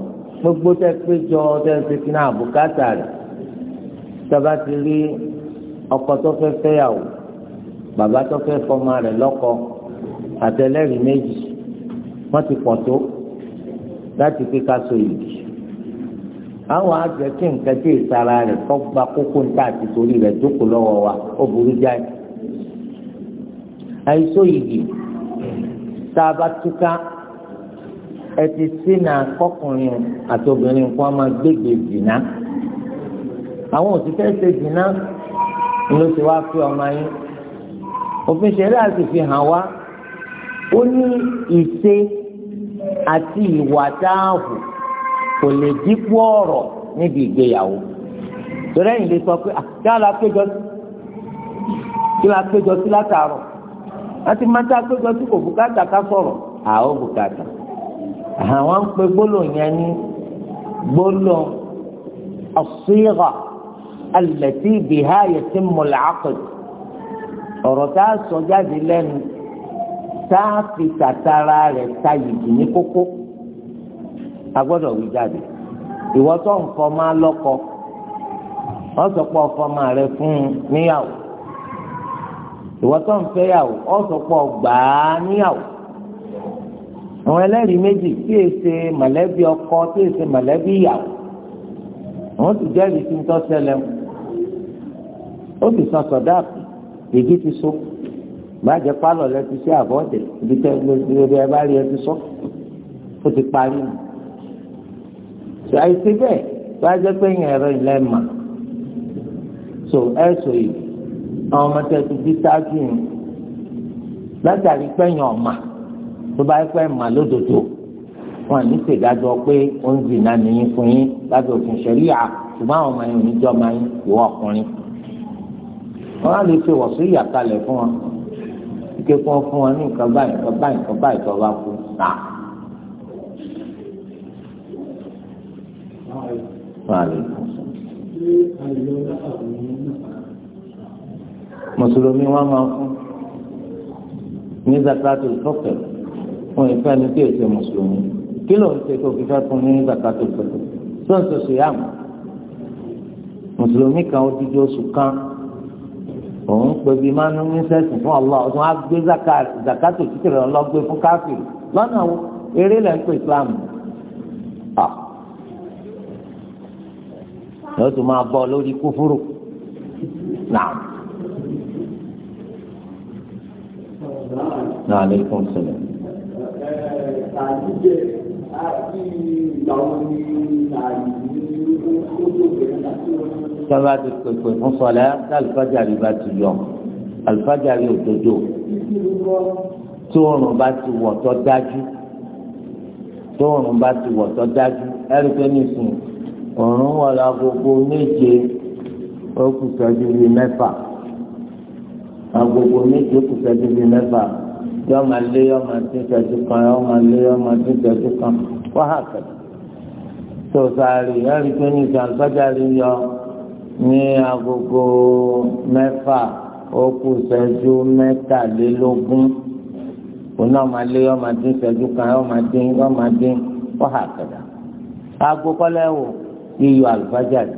gbogbo tẹ pé jọ tẹ ṣe kí náà bùkátà rẹ̀ tọ́ba ti rí ọkọ tó fẹ́ fẹ́yàwó bàbá tó fẹ́ fọmọ rẹ̀ lọ́kọ àtẹlẹ́rìí méjì wọ́n ti pọ̀ tó láti pé ká so ìdí àwọn àgbẹ̀ kí nǹkan tí ìsara rẹ̀ kọ́ gba kókó níta àti torí rẹ̀ jókòó lọ́wọ́ wa ó burú jáì àìsó ìdí tá a bá túká ẹ ti sínà kọkùnrin àti kan máa gbégbé dìná àwọn òṣìṣẹ́ ṣe dìná ló ti wá pé ọmọ yín òfin ṣẹlẹ̀ àti fi hàn wá ó ní ìṣe àti ìwà dáàbò kò lè dípò ọ̀rọ̀ níbi ìgbéyàwó torí ẹ̀yin lè sọ pé ah, kí á la péjọ sí kí la péjọ sí látàárọ̀ láti máa tá a péjọ sí kò bùkátà ká sọ̀rọ̀ àwọn bùkátà àwọn ń pe gbólóhùn yẹn ní gbólóhùn as-sigha allati biha yatimmu al-aqd. ọ̀rọ̀ tá a sọ jáde lẹ́nu tá a fi tàtàrà rẹ̀ ta yìgì ní kókó a gbọ́dọ̀ wí jáde ìwọ tó ń fọmọ alọ́kọ wọ́n sọ pé ọfọmọ rẹ fún un níyàwó ìwọ tó ń fẹ́yàwó wọ́n sọ pé ọgbà á níyàwó àwọn ẹlẹ́rìí méjì tí èsè mọ̀lẹ́bí ọkọ tí èsè mọ̀lẹ́bí ìyàwó àwọn ti jẹ́rìí sí ń tọ́ ṣẹlẹ̀ ó sì sọ sọ̀dáàpù gègé ti so bàjẹ́ pálọ̀ lẹ ti ṣe àbọ̀dẹ̀ ibi tẹ́ ibi ẹ bá rí ẹ ti sọ ó ti parí nù. sọ àìsí bẹ́ẹ̀ bàjẹ́ pé yẹn ẹ̀rọ ilẹ̀ mà so ẹ sọ yìí àwọn ọmọ tẹ ti di sáájú yìí látàrí pẹ́yìn ọ̀mà tó bá pẹ́ mà lódodo wọn ní ṣèdájọ́ pé ó ń zìnnà nìyí fún yín lábẹ́ òfin ṣẹ̀ríà ṣùgbọ́n àwọn ọmọ yẹn ò ní jọ́ máa ń wọ ọkùnrin wọn á lè ṣe wọ̀sùn ìyàkalẹ̀ fún wọn ike fún ọ fún wọn ní nǹkan báyìí nǹkan báyìí nǹkan báyìí tó bá kú náà. mùsùlùmí wọn máa fún ní zakatul fọkẹ fún ìfẹ́ ní kí èsè mùsùlùmí kí ló ń ṣe tó fi fẹ́ fún ní zakatul fọkẹ tó ń sọ sí yàmù mùsùlùmí kan ó dídí oṣù kan òun pèbí mánú ní sẹ́sìn fún Allah ọ̀sán á gbé zakato títìrì ọlọ́gbé fún káfíìn lọ́nà eré lẹ́ ń pè Islam yóò tún máa bọ́ lórí kúfúrú náà. náà ní kún sílẹ̀. àdìjẹ àti ìgbà ni àyè ní ojú òkè náà wọ́n sábà ti pèpè fún sọlá alifájàrí bá ti yọ alifájàrí òdodo tóòrùn bá ti wọ̀ tó dájú tóòrùn bá ti wọ̀ tó dájú ẹ̀rí pé nìsín òòrùn wọ̀ lọ gbogbo méje ó kù sọ́jú bíi mẹ́fà agogo méje ó kù sọ́jú bíi mẹ́fà yọ máa lé yọ máa tún sọ́jú kan yọ máa lé yọ máa tún sọ́jú kan wáhà kẹ́kẹ́ tó sáré ẹ̀rí nìsín alifájàrí yọ ní agogo mẹ́fà ó kù ìṣẹ́jú mẹ́tàlélógún òun náà máa lé ọmọ dín ìṣẹ́jú kan ọmọ dín ọmọ dín wàhà kẹ̀dà. aago kọ́lẹ́ wò yíyọ àlùfájà rẹ̀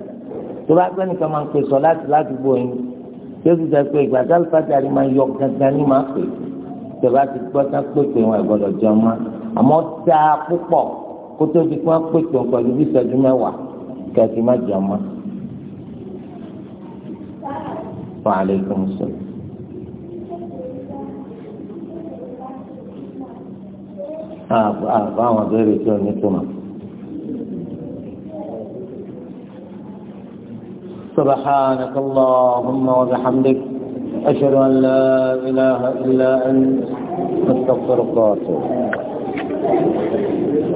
tó bá gbé nìkan máa ń pè sọ láti ládùúgbò yín tó ti sẹ́ pé ìgbà tí àlùfájà rẹ̀ máa yọ gangan ní máa pè tó bá ti gbọ́ tán pèpè wọn ìgbọ́dọ̀ jẹun mọ́ àmọ́ tá a púpọ̀ kó tó di pé wọ́n pèpè wọn pẹ̀lú bí ìṣẹ́jú mẹ́wàá kẹ̀sì má jẹun mọ́. وعليكم السلام آه، آه، آه، سبحانك اللهم وبحمدك أشهد أن لا إله إلا أنت أستغفرك وأتوب